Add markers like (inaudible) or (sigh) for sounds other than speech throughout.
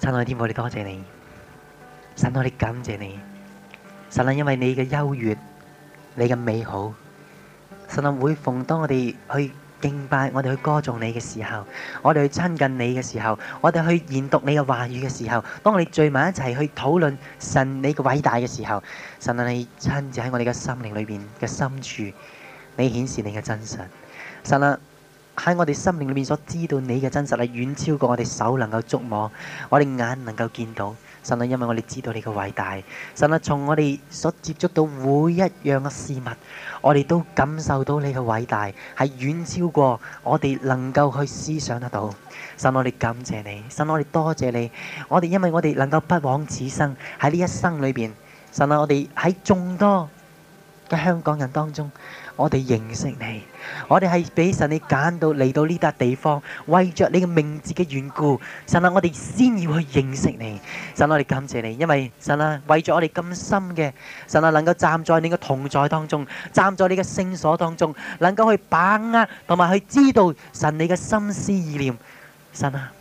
親愛的天父，我哋多謝你，神，我哋感謝你，神啊，因為你嘅優越，你嘅美好，神啊，每逢當我哋去敬拜，我哋去歌頌你嘅時候，我哋去親近你嘅時候，我哋去研讀你嘅話語嘅時候，當我哋聚埋一齊去討論神你嘅偉大嘅時候，神啊，你親自喺我哋嘅心靈裏邊嘅深處，你顯示你嘅真實，神啊。喺我哋心靈裏面所知道你嘅真實係遠超過我哋手能夠觸摸，我哋眼能夠見到。神啊，因為我哋知道你嘅偉大，神啊，從我哋所接觸到每一樣嘅事物，我哋都感受到你嘅偉大，係遠超過我哋能夠去思想得到。神啊，我哋感謝你，神啊，我哋多謝你，我哋因為我哋能夠不枉此生喺呢一生裏邊，神啊，我哋喺眾多嘅香港人當中。我哋認識你，我哋係俾神你揀到嚟到呢笪地方，為着你嘅名字嘅緣故，神啊，我哋先要去認識你。神啊，我哋感謝你，因為神啊，為咗我哋咁深嘅，神啊，能夠站在你嘅同在當中，站在你嘅聖所當中，能夠去把握同埋去知道神你嘅心思意念，神啊，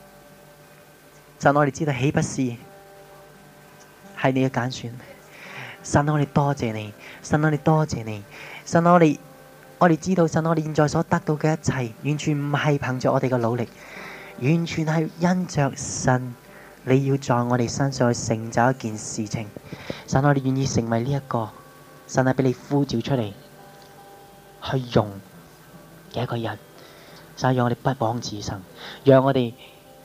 神我哋知道豈不是係你嘅揀選？神啊，我哋多謝你，神啊，我哋多謝你。神我哋，我哋知道神我哋現在所得到嘅一切，完全唔係憑着我哋嘅努力，完全係因着神你要在我哋身上去成就一件事情。神我哋願意成為呢一個，神係俾你呼召出嚟去用嘅一個人。神讓我哋不枉此生，讓我哋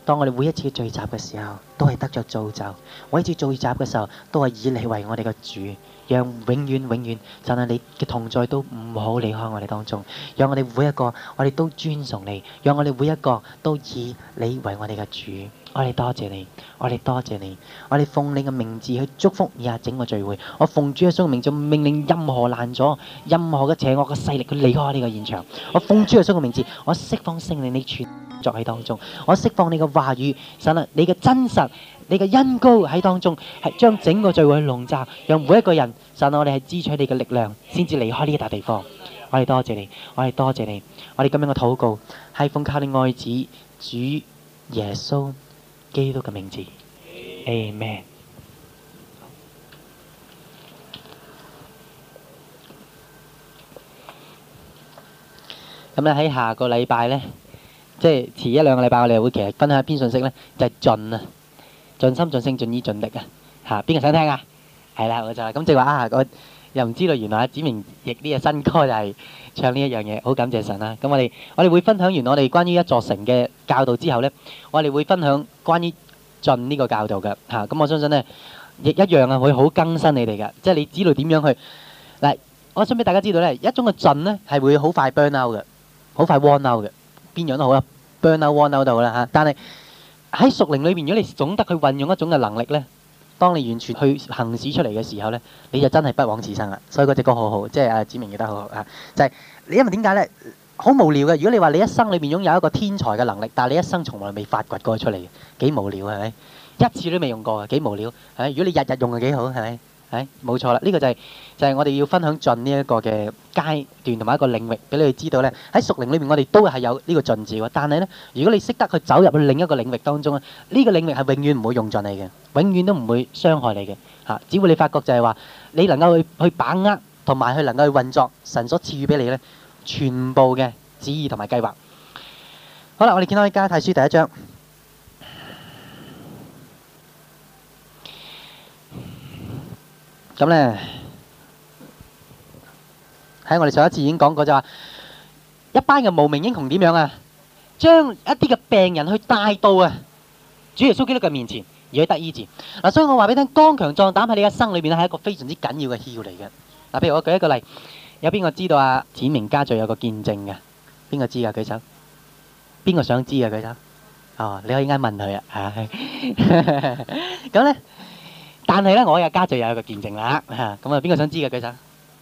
當我哋每一次聚集嘅時候，都係得着造就；每一次聚集嘅時候，都係以你為我哋嘅主。讓永遠永遠，神啊！你嘅同在都唔好離開我哋當中。讓我哋每一個，我哋都尊崇你。讓我哋每一個都以你為我哋嘅主。我哋多謝你，我哋多謝你，我哋奉你嘅名字去祝福以下整個聚會。我奉主嘅名就命令任何攔阻、任何嘅邪惡嘅勢力，去離開呢個現場。我奉主嘅名字，我釋放聖靈你存在喺當中。我釋放你嘅話語，神啊！你嘅真實。你嘅恩膏喺當中，係將整個聚會去籠罩，讓每一個人神，我哋係支取你嘅力量，先至離開呢笪地方。我哋多謝你，我哋多謝你，我哋咁樣嘅禱告喺奉靠你愛子主耶穌基督嘅名字，Amen。咁咧喺下個禮拜咧，即係遲一兩個禮拜，我哋會其實分享一篇信息咧，就係盡啊。盡心盡性盡意盡力啊！嚇，邊個想聽啊？係啦，我就啦。咁即係話啊，我又唔知道，原來阿子明譯呢個新歌就係唱呢一樣嘢，好感謝神啦。咁我哋我哋會分享完我哋關於一座城嘅教導之後咧，我哋會分享關於盡呢個教導嘅嚇。咁我相信咧，亦一樣啊，會好更新你哋嘅。即係你知道點樣去嗱？我想俾大家知道咧，一種嘅盡咧係會好快 burn out 嘅，好快 worn out 嘅，邊樣都好啦，burn out、worn out 到啦嚇。但係喺熟靈裏邊，如果你懂得去運用一種嘅能力呢，當你完全去行使出嚟嘅時候呢，你就真係不枉此生啦。所以嗰隻歌好好，即係阿子明記得好好啊。就係、是、你，因為點解呢？好無聊嘅。如果你話你一生裏面擁有一個天才嘅能力，但係你一生從來未發掘過出嚟嘅，幾無聊係咪？一次都未用過，幾無聊係咪？如果你日日用啊，幾好係咪？誒，冇錯啦，呢個就係就係我哋要分享盡呢一個嘅階段同埋一個領域，俾你哋知道咧。喺熟齡裏面，我哋都係有呢個盡字喎。但係咧，如果你識得去走入去另一個領域當中咧，呢個領域係永遠唔會用盡你嘅，永遠都唔會傷害你嘅嚇。只會你發覺就係話，你能夠去去把握同埋去能夠去運作神所賜予俾你咧，全部嘅旨意同埋計劃。好啦，我哋見到喺加太書第一章。咁咧，喺我哋上一次已經講過就話一班嘅無名英雄點樣啊？將一啲嘅病人去帶到啊主耶穌基督嘅面前而喺得醫治嗱，所以我話俾你聽，剛強壯膽喺你一生裏邊咧係一個非常之緊要嘅標嚟嘅嗱。譬如我舉一個例，有邊個知道啊？展明家族有個見證嘅，邊個知啊？舉手，邊個想知啊？舉手，哦，你可以應該問佢啊。咁咧。但係咧，我嘅家聚又有一個見證啦嚇，咁啊邊個想知嘅舉手？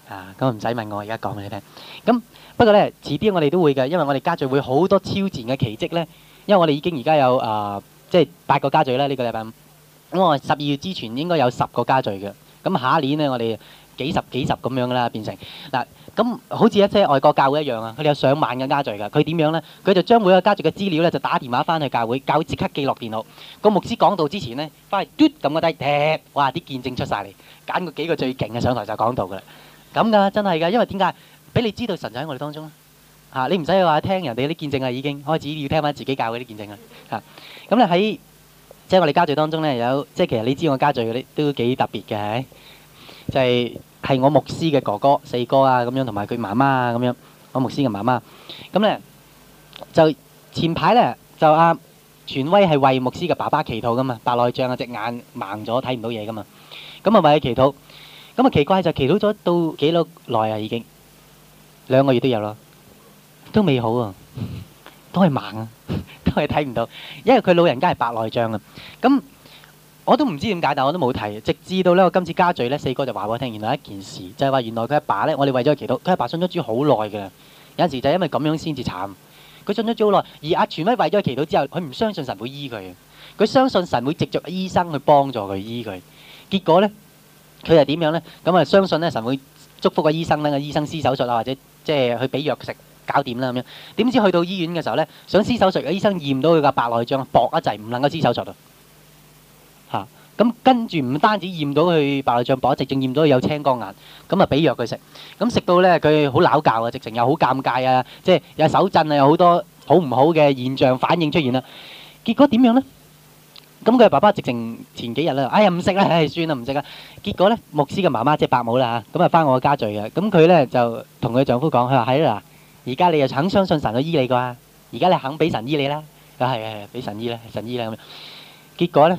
嚇，咁唔使問我，而家講俾你聽。咁不過咧，遲啲我哋都會嘅，因為我哋家聚會好多超自然嘅奇蹟咧。因為我哋已經而家有誒，即係八個家聚啦，呢個禮拜五。咁我十二月之前應該有十個家聚嘅。咁下一年咧，我哋幾十幾十咁樣啦變成嗱。咁好似一啲外國教會一樣啊，佢哋有上萬嘅家屬噶，佢點樣咧？佢就將每個家屬嘅資料咧就打電話翻去教會，教會即刻記錄電腦。個牧師講道之前咧，翻嚟嘟咁個底，踢哇啲見證出曬嚟，揀個幾個最勁嘅上台就講道噶啦。咁噶真係噶，因為點解？俾你知道神就喺我哋當中啦嚇，你唔使話聽人哋啲見證啊，已經開始要聽翻自己教會啲見證啊嚇。咁咧喺即係話你家屬當中咧有，即係其實你知我家屬嗰啲都幾特別嘅，就係。係我牧師嘅哥哥四哥啊，咁樣同埋佢媽媽啊，咁樣我牧師嘅媽媽，咁咧就前排咧就阿傳威係為牧師嘅爸爸祈禱噶嘛，白內障啊隻眼盲咗睇唔到嘢噶嘛，咁啊為佢祈禱，咁啊奇怪就祈禱咗到幾多耐啊已經，兩個月都有咯，都未好啊，都係盲啊，都係睇唔到，因為佢老人家係白內障啊，咁。我都唔知點解，但我都冇提。直至到呢，我今次家聚呢，四哥就話俾我聽原來一件事，就係話原來佢阿爸呢，我哋為咗祈禱，佢阿爸信咗主好耐嘅。有時就係因為咁樣先至慘。佢信咗主好耐，而阿全威為咗祈禱之後，佢唔相信神會醫佢。佢相信神會藉著醫生去幫助佢醫佢。結果呢，佢係點樣呢？咁啊，相信呢，神會祝福個醫生咧，個醫生施手術啊，或者即係去俾藥食搞掂啦咁樣。點知去到醫院嘅時候呢，想施手術嘅醫生驗到佢個白內障薄一滯，唔能夠施，施手術咁跟住唔單止驗到佢白內障薄，直情驗到佢有青光眼，咁啊俾藥佢食，咁食到咧佢好攪教啊，直情又好尷尬啊，即係有手震啊，有好多好唔好嘅現象反應出現啦。結果點樣咧？咁佢爸爸直情前幾日啦，哎呀唔食啦，唉算啦唔食啦。結果咧，牧師嘅媽媽即係伯母啦嚇，咁啊翻我家聚嘅，咁佢咧就同佢丈夫講，佢話係啦，而家你又肯相信神嘅醫你噶，而家你肯俾神醫你啦，係係係俾神醫啦，神醫啦咁樣。結果咧？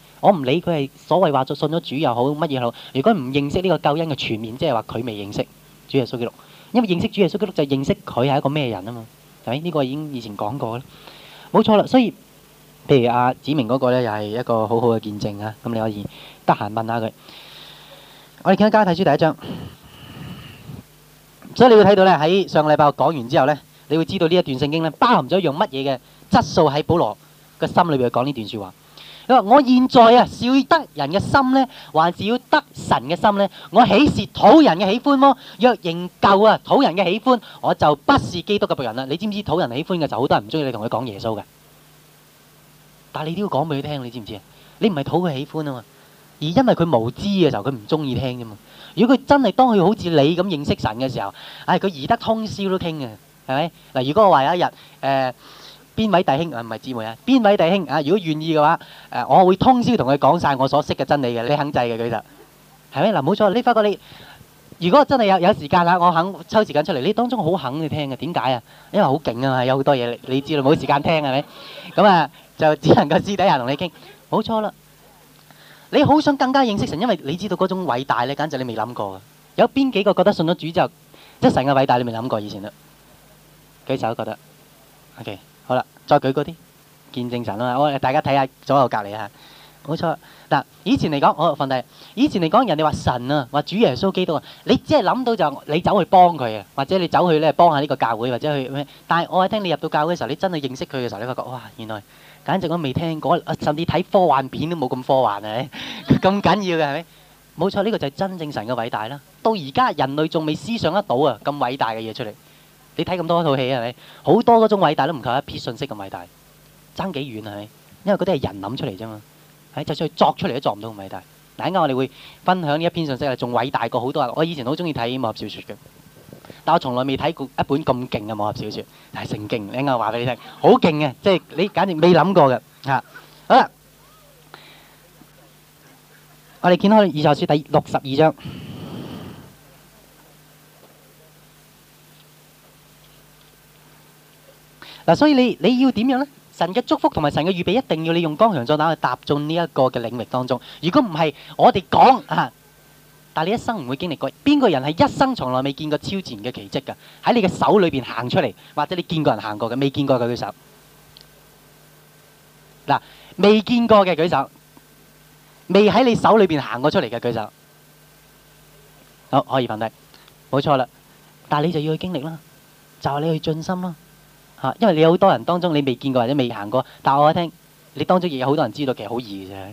我唔理佢係所謂話做信咗主又好乜嘢好，如果唔認識呢個救恩嘅全面，即係話佢未認識主耶穌基督，因為認識主耶穌基督就係認識佢係一個咩人啊嘛，係咪？呢個已經以前講過啦，冇錯啦。所以譬如阿子明嗰個咧，又係一個好好嘅見證啊。咁你可以得閒問下佢。我哋基督教睇書第一章，所以你會睇到咧，喺上個禮拜我講完之後咧，你會知道呢一段聖經咧，包含咗用乜嘢嘅質素喺保羅嘅心裏邊講呢段説話。我現在啊，是要得人嘅心呢，還是要得神嘅心呢？我豈是討人嘅喜歡麼？若仍舊啊，討人嘅喜歡，我就不是基督嘅僕人啦。你知唔知討人喜歡嘅就好多人唔中意你同佢講耶穌嘅？但係你都要講俾佢聽，你知唔知啊？你唔係討佢喜歡啊嘛，而因為佢無知嘅時候，佢唔中意聽啫嘛。如果佢真係當佢好似你咁認識神嘅時候，唉，佢易得通宵都傾嘅，係咪？嗱，如果我話有一日，誒。邊位弟兄唔係姊妹啊？邊位弟兄啊？如果願意嘅話，誒，我會通宵同佢講晒我所識嘅真理嘅，你肯制嘅，舉手，係咪嗱？冇錯，你發覺你如果真係有有時間啊，我肯抽時間出嚟，你當中好肯去聽嘅，點解啊？因為好勁啊，有好多嘢你你知道啦，冇時間聽係咪？咁啊，就只能夠私底下同你傾。冇錯啦，你好想更加認識神，因為你知道嗰種偉大咧，簡直你未諗過嘅。有邊幾個覺得信咗主就即係神嘅偉大，你未諗過以前咧？舉手覺得，O K。好啦，再舉嗰啲見證神啦，我大家睇下左右隔離啊，冇錯。嗱，以前嚟講，我放低。以前嚟講，人哋話神啊，話主耶穌基督啊，你即係諗到就你走去幫佢啊，或者你走去咧幫下呢個教會，或者去咩？但係我係聽你入到教會嘅時候，你真係認識佢嘅時候，你發覺哇，原來簡直我未聽過，甚至睇科幻片都冇咁科幻啊，咁 (laughs) 緊要嘅係咪？冇錯，呢、呢個就係真正神嘅偉大啦。到而家人類仲未思想得到啊，咁偉大嘅嘢出嚟。你睇咁多一套戲係咪？好多嗰種偉大都唔夠一篇信息咁偉大，爭幾遠係？因為嗰啲係人諗出嚟啫嘛，係，就算佢作出嚟都作唔到咁偉大。嗱，陣間我哋會分享呢一篇信息啊，仲偉大過好多啊！我以前好中意睇武俠小說嘅，但係我從來未睇過一本咁勁嘅武俠小說，係成勁。啱啱話俾你聽，好勁嘅，即係你簡直未諗過嘅嚇。好啦，我哋見開《以賽亞書》第六十二章。嗱、啊，所以你你要點樣咧？神嘅祝福同埋神嘅預備，一定要你用剛強壯膽去踏進呢一個嘅領域當中。如果唔係，我哋講啊，但係你一生唔會經歷過。邊個人係一生從來未見過超自然嘅奇蹟㗎？喺你嘅手裏邊行出嚟，或者你見過人行過嘅，未見過嘅、啊、舉手。嗱，未見過嘅舉手，未喺你手裏邊行過出嚟嘅舉手，好，可以放低，冇錯啦。但係你就要去經歷啦，就係你去盡心啦。嚇，因為你好多人當中，你未見過或者未行過，但我一聽你當中亦有好多人知道，其實好易嘅啫，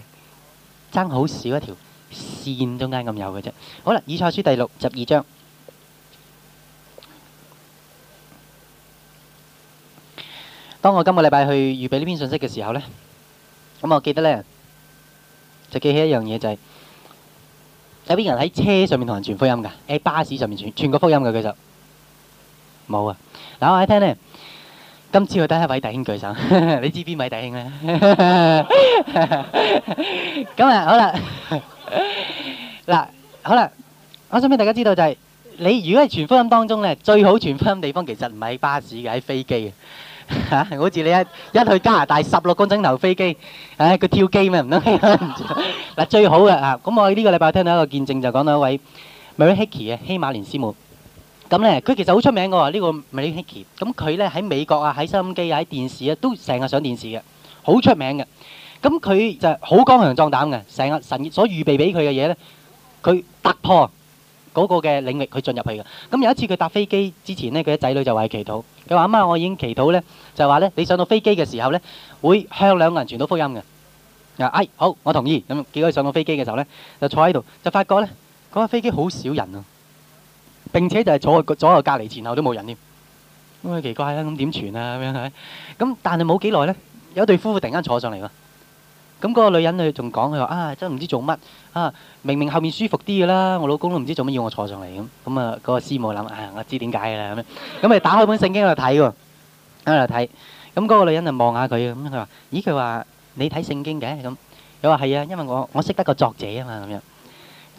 爭好少一條線中間咁有嘅啫。好啦，《以賽書》第六十二章。當我今個禮拜去預備呢篇信息嘅時候咧，咁我記得咧就記起一樣嘢就係有邊人喺車上面同人傳福音㗎？喺巴士上面傳傳過福音嘅，佢就冇啊。嗱，我一聽咧。今次我得一位弟兄舉手，你知邊位弟兄咧？咁啊好啦，嗱好啦，我想俾大家知道就係，你如果係傳福音當中咧，最好傳福音地方其實唔係喺巴士嘅，喺飛機嘅嚇。好似你一一去加拿大，十六個鐘頭飛機，唉，佢跳機咪唔得。嗱，最好嘅啊，咁我呢個禮拜聽到一個見證就講到一位 Marie Hickey 嘅希瑪蓮斯母。咁咧，佢其實好出名嘅喎，這個、呢個 Mickey。咁佢咧喺美國啊，喺收音機啊，喺電視啊，都成日上電視嘅，好出名嘅。咁佢就好剛強、壯膽嘅。成日神所預備俾佢嘅嘢咧，佢突破嗰個嘅領域佢進入去嘅。咁有一次佢搭飛機之前呢，佢啲仔女就話係祈禱。佢話：阿媽,媽，我已經祈禱咧，就話咧，你上到飛機嘅時候咧，會向兩個人傳到福音嘅。嗱，哎，好，我同意。咁結果上到飛機嘅時候咧，就坐喺度，就發覺咧，嗰、那、架、個、飛機好少人啊。並且就係坐喺左右隔離前後都冇人添，咁咪奇怪啦？咁點傳啊？咁樣係咁，但係冇幾耐咧，有對夫婦突然間坐上嚟啦。咁嗰個女人佢仲講佢話啊，真係唔知做乜啊，明明後面舒服啲噶啦，我老公都唔知做乜要我坐上嚟咁。咁啊，嗰個師母諗啊，我知點解噶啦咁樣，咁咪打開本聖經喺度睇喎，喺度睇咁，嗰個女人就望下佢咁，佢話：咦，佢話你睇聖經嘅咁？佢話係啊，因為我我識得個作者啊嘛咁樣，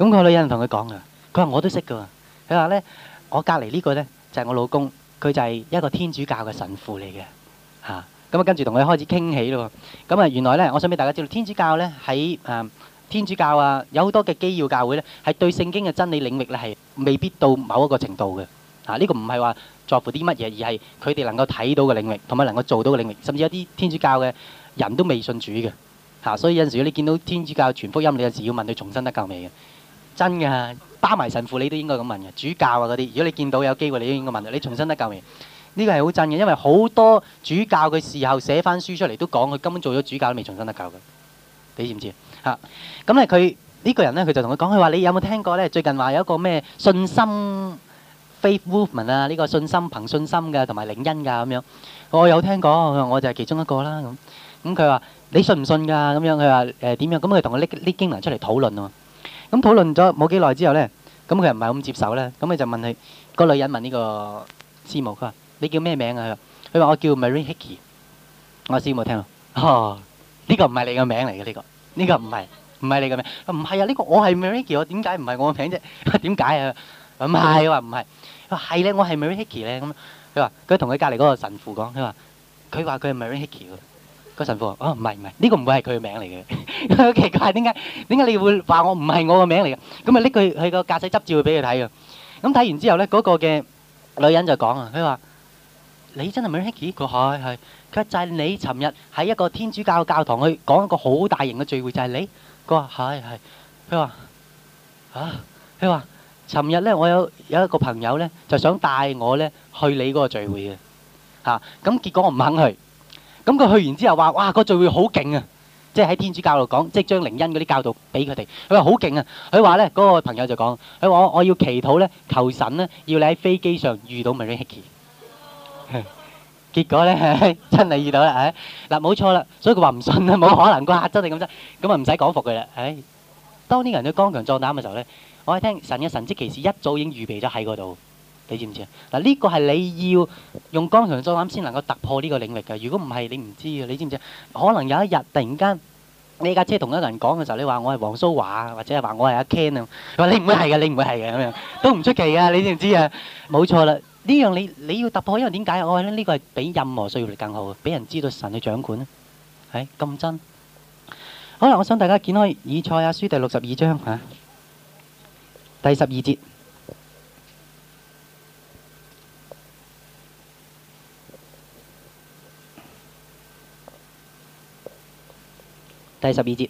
咁個女人同佢講啊，佢話我都識噶。佢話咧，我隔離呢個咧就係、是、我老公，佢就係一個天主教嘅神父嚟嘅，嚇咁啊跟住同佢開始傾起咯。咁啊原來咧，我想俾大家知道，天主教咧喺誒天主教啊，有好多嘅基要教會咧，係對聖經嘅真理領域咧係未必到某一個程度嘅。嚇、啊、呢、這個唔係話在乎啲乜嘢，而係佢哋能夠睇到嘅領域，同埋能夠做到嘅領域，甚至有啲天主教嘅人都未信主嘅。嚇、啊、所以有陣時候你見到天主教傳福音時，你有陣時要問佢重生得救未嘅，真㗎。包埋神父，你都應該咁問嘅主教啊嗰啲。如果你見到有機會，你都應該問。你重生得救未？呢個係好震嘅，因為好多主教佢事後寫翻書出嚟都講，佢根本做咗主教都未重生得救嘅。你知唔知啊？咁咧佢呢個人咧，佢就同佢講，佢話你有冇聽過咧？最近話有一個咩信心 faith movement 啊？呢個信心憑信心嘅，同埋領恩嘅咁樣。我有聽過，我就係其中一個啦咁。咁佢話你信唔信㗎？咁樣佢話誒點樣？咁佢同佢拎拎經文出嚟討論喎。咁討論咗冇幾耐之後咧，咁佢又唔係咁接受咧，咁佢就問佢個女人問呢個師母，佢話你叫咩名啊？佢話我叫 Mary Hickey，我師母聽到，哦，呢個唔係你個名嚟嘅呢個，呢個唔係唔係你個名，唔係啊呢個我係 Mary Hickey，我點解唔係我個名啫？點解啊？唔係話唔係，話係咧，我係 Mary Hickey 咧，咁佢話佢同佢隔離嗰個神父講，佢話佢話佢係 Mary Hickey。神父，哦唔係唔係，呢個唔會係佢嘅名嚟嘅，好奇怪點解點解你會話我唔係我嘅名嚟嘅？咁啊拎佢佢個駕駛執照俾佢睇嘅，咁睇完之後咧，嗰個嘅女人就講啊，佢話你真係 Miricky，佢話係，佢話就係你，尋日喺一個天主教教堂去講一個好大型嘅聚會，就係你，佢話係係，佢話嚇，佢話尋日咧，我有有一個朋友咧，就想帶我咧去你嗰個聚會嘅，嚇，咁結果我唔肯去。咁佢去完之後話，哇，個聚會好勁啊！即係喺天主教度講，即係將靈恩嗰啲教導俾佢哋。佢話好勁啊！佢話咧，嗰個朋友就講，佢話我我要祈禱咧，求神咧，要你喺飛機上遇到 Mary Hickey。結果咧，真係遇到啦！嗱，冇錯啦，所以佢話唔信啊，冇可能啩，真係咁啫？咁啊，唔使講服佢啦。唉，當呢個人要剛強壯膽嘅時候咧，我係聽神嘅神蹟奇事一早已經預備咗喺嗰度。你知唔知啊？嗱，呢個係你要用剛強壯膽先能夠突破呢個領域嘅。如果唔係，你唔知嘅。你知唔知啊？可能有一日突然間，你架車同一個人講嘅時候，你話我係黃蘇華，或者係話我係阿 Ken 啊，佢話你唔會係嘅，你唔會係嘅咁樣，都唔出奇嘅。你知唔知啊？冇錯啦，呢樣你你要突破，因為點解啊？我話咧，呢個係比任何需要力更好，俾人知道神嘅掌管咧，係咁真。好啦，我想大家見開以賽亞書第六十二章嚇，第十二節。第十二節，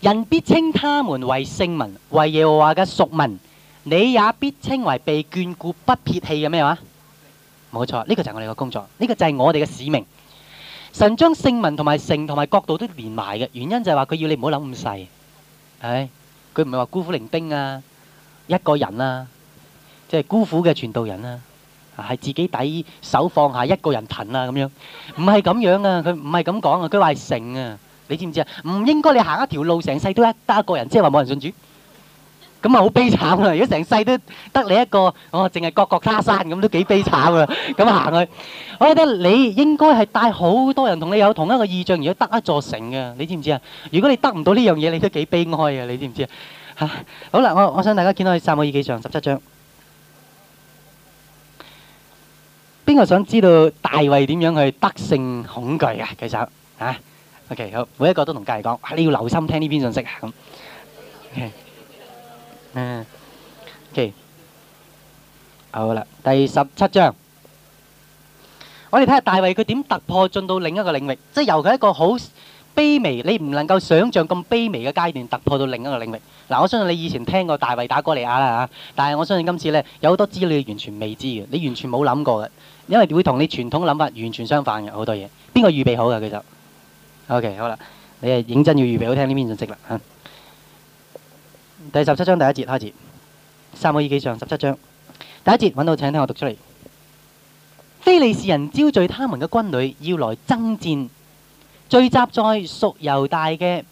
人必稱他們為聖民，為耶和華嘅屬民，你也必稱為被眷顧、不撇棄嘅咩話？冇錯，呢個就係我哋嘅工作，呢個就係我哋嘅使命。神將聖民同埋城同埋國度都連埋嘅原因就係話佢要你唔好諗咁細，係咪？佢唔係話孤苦伶仃啊，一個人啊，即係孤苦嘅傳道人啊，係自己抵手放下一個人騰啊咁樣，唔係咁樣啊，佢唔係咁講啊，佢話係城啊。你知唔知啊？唔應該你行一條路，成世都得一個人，即係話冇人信主，咁啊好悲慘啊！如果成世都得你一個，哦，淨係各各他山咁，都幾悲慘啊！咁行去，我覺得你應該係帶好多人同你有同一個意象，如果得一座城嘅，你知唔知啊？如果你得唔到呢樣嘢，你都幾悲哀啊！你知唔知啊？嚇！好啦，我我想大家見到去撒母耳記上十七章，邊個想知道大衛點樣去得勝恐懼啊？其實嚇！OK，好，每一個都同家人講，啊，你要留心聽呢篇信息啊，咁。OK，嗯，OK，好啦，第十七章，我哋睇下大衛佢點突破進到另一個領域，即係由佢一個好卑微、你唔能夠想像咁卑微嘅階段，突破到另一個領域。嗱，我相信你以前聽過大衛打歌利亞啦嚇，但係我相信今次咧有好多資料你完全未知嘅，你完全冇諗過嘅，因為會同你傳統諗法完全相反嘅好多嘢。邊個預備好嘅其實？O.K. 好啦，你係認真要預備好聽呢篇信息啦嚇。第十七章第一節開始，撒母耳記上十七章第一節揾到，請聽我讀出嚟。非利士人招聚，他們嘅軍隊，要來爭戰，聚集在屬猶大嘅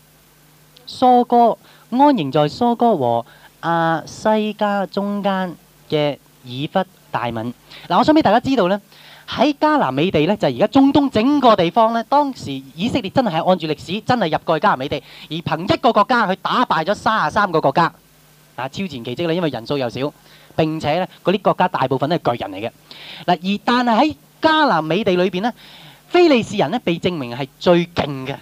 梭哥，安營在梭哥和亞西加中間嘅以弗大憫。嗱，我想俾大家知道呢。喺迦南美地呢，就而家中東整個地方呢，當時以色列真係按住歷史，真係入過迦南美地，而憑一個國家去打敗咗三十三個國家，啊超前奇蹟呢，因為人數又少。並且呢嗰啲國家大部分都係巨人嚟嘅。嗱，而但係喺迦南美地裏邊呢，非利士人呢被證明係最勁嘅、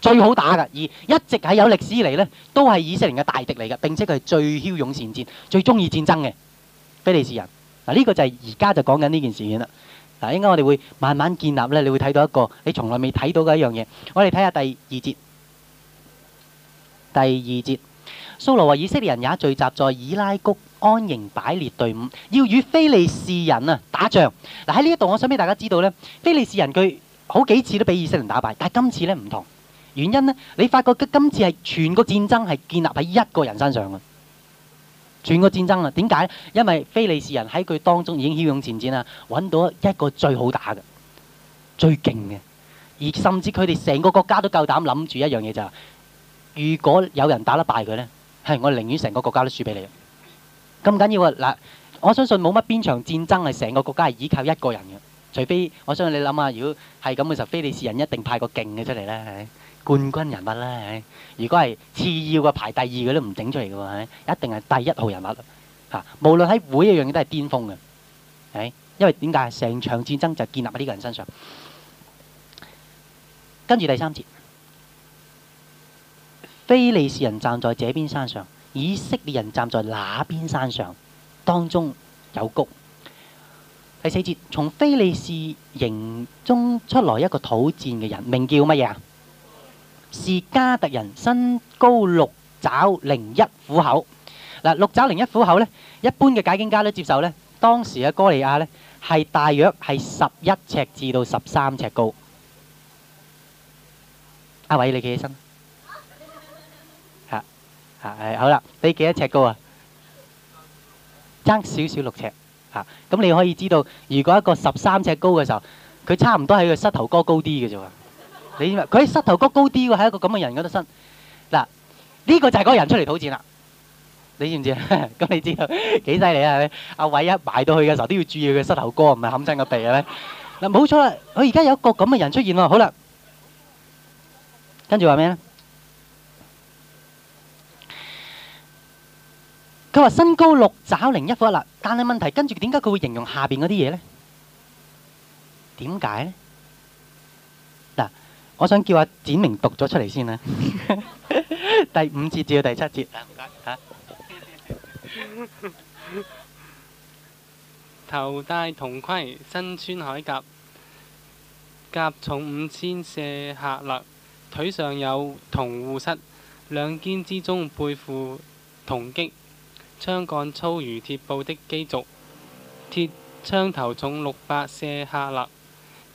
最好打嘅，而一直係有歷史以嚟呢都係以色列嘅大敵嚟嘅，並且佢係最驍勇善戰、最中意戰爭嘅非利士人。嗱、啊，呢、這個就係而家就講緊呢件事件啦。嗱，應該我哋會慢慢建立咧，你會睇到一個你從來未睇到嘅一樣嘢。我哋睇下第二節，第二節，掃羅話以色列人也聚集在以拉谷安營擺列隊伍，要與非利士人啊打仗。嗱喺呢一度，我想俾大家知道咧，非利士人佢好幾次都俾以色列人打敗，但係今次咧唔同，原因呢，你發覺今次係全個戰爭係建立喺一個人身上嘅。轉個戰爭啦？點解？因為非利士人喺佢當中已經驍勇前戰啦，揾到一個最好打嘅，最勁嘅，而甚至佢哋成個國家都夠膽諗住一樣嘢就係、是，如果有人打得敗佢呢，係我寧願成個國家都輸俾你。咁緊要啊！嗱，我相信冇乜邊場戰爭係成個國家係依靠一個人嘅，除非我相信你諗下，如果係咁嘅時候，非利士人一定派個勁嘅出嚟呢。冠軍人物咧，如果係次要嘅排第二，佢都唔整出嚟嘅喎，一定係第一號人物嚇。無論喺每一樣嘢都係巔峰嘅，因為點解成場戰爭就建立喺呢個人身上。跟住第三節，非利士人站在這邊山上，以色列人站在那邊山上，當中有谷。第四節，從非利士營中出來一個討戰嘅人，名叫乜嘢啊？是加特人，身高六爪零一虎口。嗱，六爪零一虎口咧，一般嘅解經家都接受咧。當時嘅哥利亞咧，係大約係十一尺至到十三尺高。阿偉，你企起身。啊。啊。啊，係好啦，你幾多尺高啊？爭少少六尺。啊。咁你可以知道，如果一個十三尺高嘅時候，佢差唔多喺個膝頭哥高啲嘅啫喎。你知嘛？佢膝頭哥高啲喎，喺一個咁嘅人嗰度伸。嗱，呢個就係嗰人出嚟討戰啦。你知唔知啊？咁你知道幾犀利啊？阿偉一埋到去嘅時候都要注意佢膝頭哥，唔係冚親個鼻呀咩？嗱，冇錯啦，佢而家有一個咁嘅人出現喎。好啦，跟住話咩咧？佢話身高六爪零一 foot 啦，但係問題跟住點解佢會形容下邊嗰啲嘢咧？點解咧？我想叫阿展明讀咗出嚟先啦，第五節至到第七節啊 (laughs) 頭戴銅盔，身穿鎧甲，甲重五千舍客勒，腿上有銅護膝，兩肩之中背負銅戟，槍杆粗如鐵布的機軸，鐵槍頭重六百舍客勒。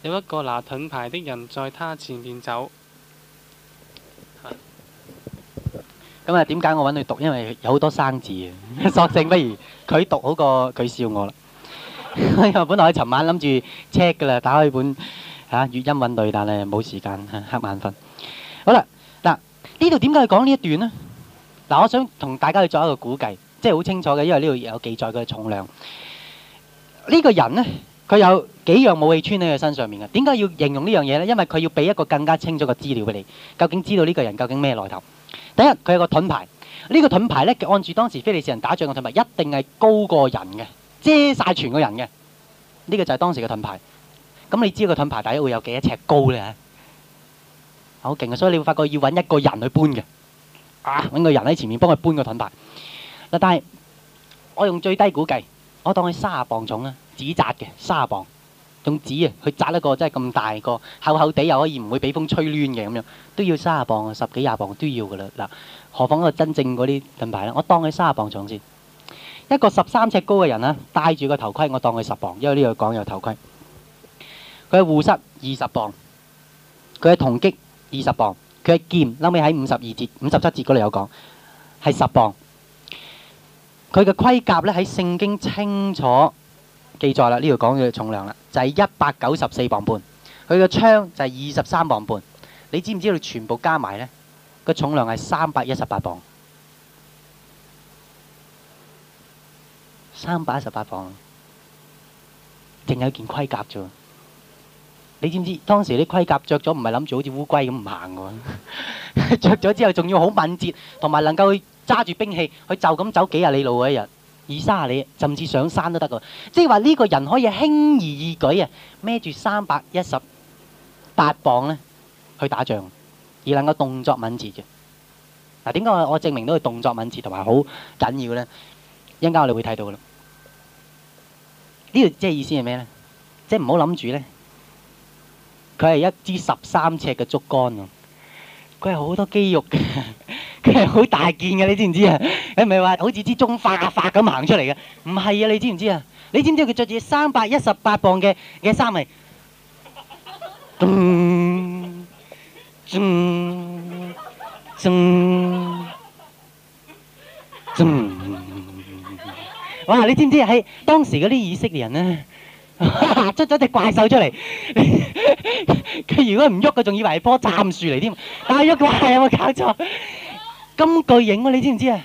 有一個拿盾牌的人在他前面走。咁啊，點解我揾佢讀？因為有好多生字啊，索性不如佢讀好過佢笑我啦。因為我本來尋晚諗住 check 噶啦，打開本嚇《粵音韻彙》，但係冇時間瞌眼瞓。好啦，嗱，呢度點解要講呢一段呢？嗱，我想同大家去做一個估計，即係好清楚嘅，因為呢度有記載佢嘅重量。呢個人呢？佢有幾樣武器穿喺佢身上面嘅，點解要形容呢樣嘢呢？因為佢要俾一個更加清楚嘅資料俾你，究竟知道呢個人究竟咩來頭。第一，佢有個盾牌，呢個盾牌呢，按住當時非利士人打仗嘅盾牌，一定係高過人嘅，遮曬全個人嘅。呢個就係當時嘅盾牌。咁你知個盾牌到底會有幾多尺高呢？好勁啊！所以你會發覺要揾一個人去搬嘅，啊，揾個人喺前面幫佢搬個盾牌。嗱，但係我用最低估計，我當佢三十磅重啊。紙紮嘅，三十磅，用紙啊，佢紮一個真係咁大個，厚厚哋又可以唔會俾風吹亂嘅咁樣，都要三十磅，十幾廿磅都要噶啦。嗱，何況嗰個真正嗰啲盾牌咧？我當佢三十磅重先，一個十三尺高嘅人呢，戴住個頭盔，我當佢十磅，因為呢度講有頭盔。佢嘅護膝二十磅，佢嘅銅擊二十磅，佢嘅劍後尾喺五十二節、五十七節嗰度有講，係十磅。佢嘅盔甲咧喺聖經清楚。記載啦，呢度講嘅重量啦，就係一百九十四磅半，佢個槍就係二十三磅半。你知唔知道佢全部加埋咧？個重量係三百一十八磅，三百一十八磅，淨有件盔甲啫。你知唔知當時啲盔甲著咗唔係諗住好似烏龜咁唔行喎？著咗之後仲要好敏捷，同埋能夠去揸住兵器，去就咁走幾廿里路嗰一日。二三十里，甚至上山都得噶。即係話呢個人可以輕而易舉啊，孭住三百一十八磅咧去打仗，而能夠動作敏捷嘅。嗱、啊，點解我我證明到佢動作敏捷同埋好緊要咧？一陣間我哋會睇到噶啦。呢、這個即係意思係咩咧？即係唔好諗住咧，佢係一支十三尺嘅竹竿啊！佢係好多肌肉嘅，佢係好大件嘅，啊啊，你知唔知啊？誒，唔係話好似支中法發咁行出嚟嘅，唔係啊！你知唔知啊？你知唔知佢着住三百一十八磅嘅嘅衫嚟？哇！你知唔知喺當時嗰啲以色列人咧？出咗隻怪獸出嚟，佢如果唔喐，佢仲以為係棵杉樹嚟添。但係喐嘅話，係有冇搞錯？咁巨型啊，你知唔知啊？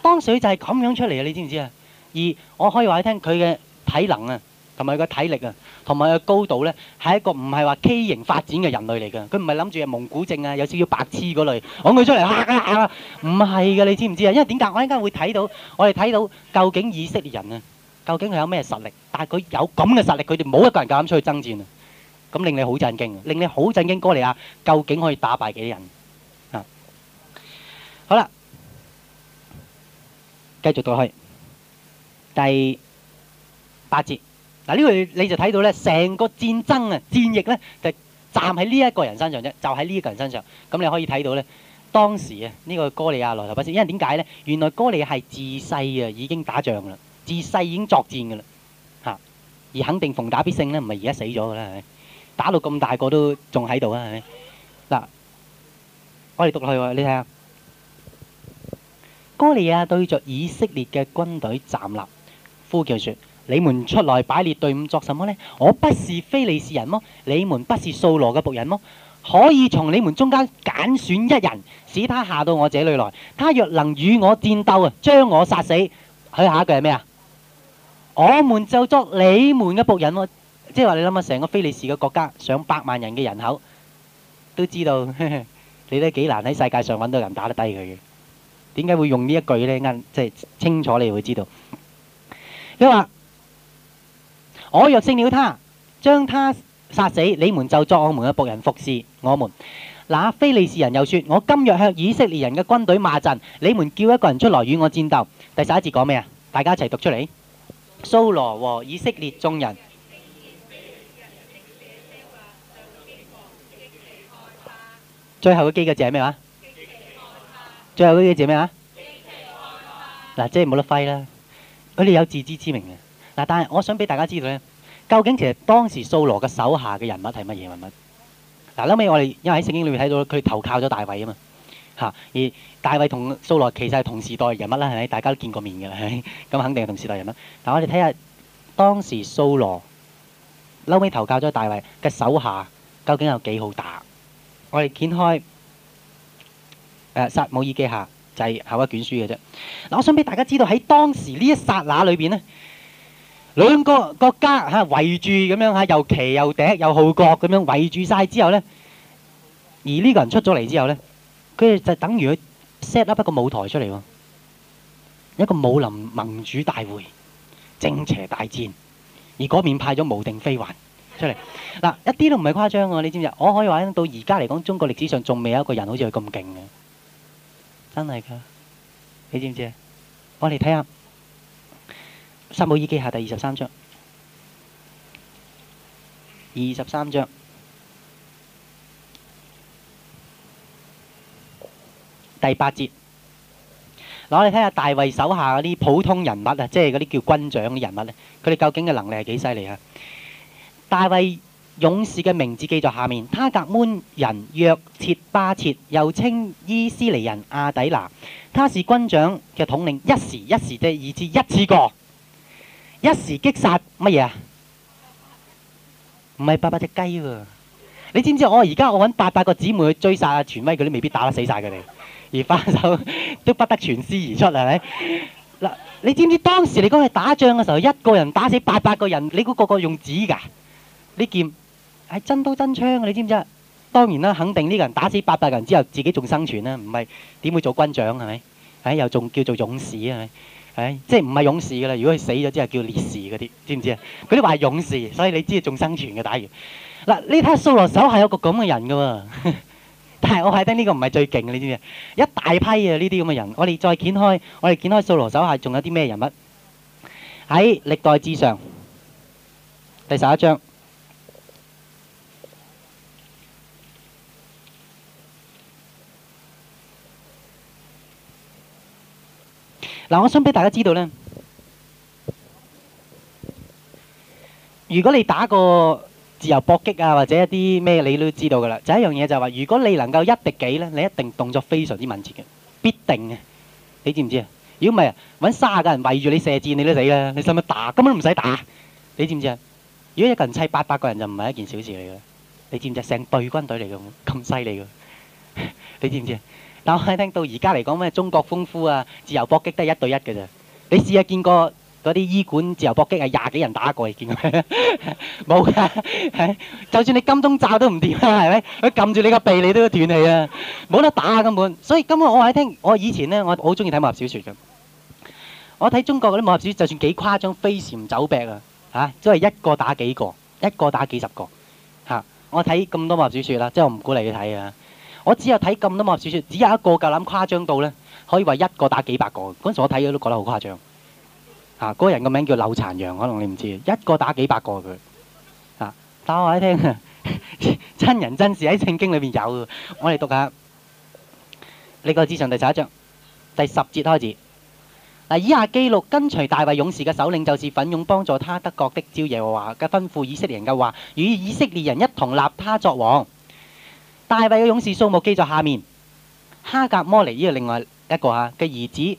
當水就係咁樣出嚟啊，你知唔知啊？而我可以話你聽，佢嘅體能啊，同埋佢嘅體力啊，同埋佢嘅高度咧，係一個唔係話畸形發展嘅人類嚟噶。佢唔係諗住係蒙古症啊，有少少白痴嗰類。我講出嚟吓啊吓啊！唔係噶，你知唔知啊？因為點解我依家會睇到，我哋睇到究竟以色列人啊？究竟佢有咩實力？但係佢有咁嘅實力，佢哋冇一個人夠膽出去爭戰啊！咁令你好震驚啊！令你好震驚，哥利亞究竟可以打敗幾多人啊？好啦，繼續到去第八節。嗱，呢個你就睇到咧，成個戰爭啊，戰役咧就站喺呢一個人身上啫，就喺呢一個人身上。咁你可以睇到咧，當時啊，呢個哥利亞來頭不淺。因為點解咧？原來哥利亞係自細啊，已經打仗啦。自細已經作戰嘅啦嚇，而肯定逢打必勝呢，唔係而家死咗嘅啦係。打到咁大個都仲喺度啊係。嗱，我哋讀落去喎，你睇下。歌利亞對着以色列嘅軍隊站立，呼叫説：你們出來擺列隊伍作什麼呢？我不是非利士人麼？你們不是掃羅嘅僕人麼？可以從你們中間揀選一人，使他下到我這裏來。他若能與我戰鬥啊，將我殺死。佢下一句係咩啊？我們就作你們嘅僕人。即係話你諗下，成個非利士嘅國家上百萬人嘅人口都知道，呵呵，你都幾難喺世界上揾到人打得低佢嘅。點解會用呢一句呢？啱，即係清楚，你會知道。你話我若勝了他，將他殺死，你們就作我們嘅僕人服侍我們。那非利士人又說：我今日向以色列人嘅軍隊罵陣，你們叫一個人出來與我戰鬥。第十一節講咩啊？大家一齊讀出嚟。蘇羅和以色列眾人最後嘅幾個字係咩話？最後嘅幾個字係咩啊？嗱，即係冇得揮啦。佢哋有自知之明嘅，嗱，但係我想俾大家知道咧，究竟其實當時蘇羅嘅手下嘅人物係乜嘢人物嗱？後尾我哋因為喺聖經裏邊睇到佢投靠咗大衛啊嘛。嚇！而大衛同蘇羅其實係同時代人物啦，係咪？大家都見過面嘅啦，咁肯定係同時代人啦。但我哋睇下當時蘇羅嬲尾投靠咗大衛嘅手下，究竟有幾好打？我哋掀開誒撒母耳記下，就係後一卷書嘅啫。嗱，我想俾大家知道喺當時呢一剎那裏邊咧，兩個國家嚇圍住咁樣嚇，又旗又笛又號角咁樣圍住晒之後呢，而呢個人出咗嚟之後呢。佢就等於佢 set up 一個舞台出嚟喎，一個武林盟主大會，正邪大戰，而嗰面派咗無定飛環出嚟，嗱一啲都唔係誇張喎，你知唔知啊？我可以話到而家嚟講，中國歷史上仲未有一個人好似佢咁勁嘅，真係噶，你知唔知啊？我哋睇下《撒母耳記》下第二十三章，二十三章。第八節，攞嚟睇下大衛手下嗰啲普通人物啊，即係嗰啲叫軍長嘅人物咧，佢哋究竟嘅能力係幾犀利啊？大衛勇士嘅名字記在下面，他革悶人約切巴切，又稱伊斯尼人亞底拿，他是軍長嘅統領，一時一時的，二次一次過，一時擊殺乜嘢啊？唔係八百隻雞喎，你知唔知我而家我揾八百個姊妹去追殺全威，佢都未必打得死晒佢哋。而翻手都不得全屍而出係咪？嗱，你知唔知當時你講係打仗嘅時候，一個人打死八百個人，你估個個用紙㗎？呢劍係真刀真槍你知唔知啊？當然啦，肯定呢個人打死八百個人之後，自己仲生存啦，唔係點會做軍長係咪？係又仲叫做勇士係咪？係即係唔係勇士㗎啦？如果佢死咗之後叫烈士嗰啲，知唔知啊？嗰啲話係勇士，所以你知仲生存嘅打完。嗱，你睇掃羅手係有個咁嘅人㗎喎。 (laughs) 但係我睇得呢個唔係最勁嘅，你知唔知？一大批啊，呢啲咁嘅人，我哋再掀開，我哋掀開掃羅手下仲有啲咩人物？喺歷代志上，第十一章。嗱，我想俾大家知道咧，如果你打個。自由搏擊啊，或者一啲咩你都都知道噶啦。就一樣嘢就係話，如果你能夠一敵幾咧，你一定動作非常之敏捷嘅，必定呀。你知唔知啊？如果唔係揾卅個人圍住你射箭，你都死啦。你使唔使打？根本都唔使打。你知唔知啊？如果一個人砌八百個人就唔係一件小事嚟嘅。你知唔知啊？成隊軍隊嚟嘅咁，咁犀利㗎。你知唔知啊？但係我聽到而家嚟講咩中國功夫啊，自由搏擊都係一對一嘅啫。你試下見過？嗰啲醫館自由搏擊係廿幾人打一個，你見過咩？冇 (laughs) 嘅，就算你金鐘罩都唔掂啊，係咪？佢撳住你個鼻，你都要斷氣啊！冇得打啊，根本。所以根本我喺聽，我以前咧，我好中意睇武俠小説嘅。我睇中國嗰啲武俠小説，就算幾誇張，飛檐走壁啊，嚇，都係一個打幾個，一個打幾十個。嚇、啊，我睇咁多武俠小説啦，即係我唔鼓勵你睇啊。我只有睇咁多武俠小説，只有一個夠膽誇張到咧，可以話一個打幾百個。嗰陣時我睇咗都覺得好誇張。啊！嗰、那個、人個名叫柳殘陽，可能你唔知道，一個打幾百個佢。啊！打我喺聽啊！真人真事喺聖經裏面有，我哋讀一下《歷代志》上第十一章第十節開始。嗱、啊，以下記錄跟隨大衛勇士嘅首領，就是奮勇幫助他得國，照耶和華嘅吩咐，以色列人嘅話，與以色列人一同立他作王。大衛嘅勇士數目記在下面。哈格摩尼呢個另外一個啊嘅兒子。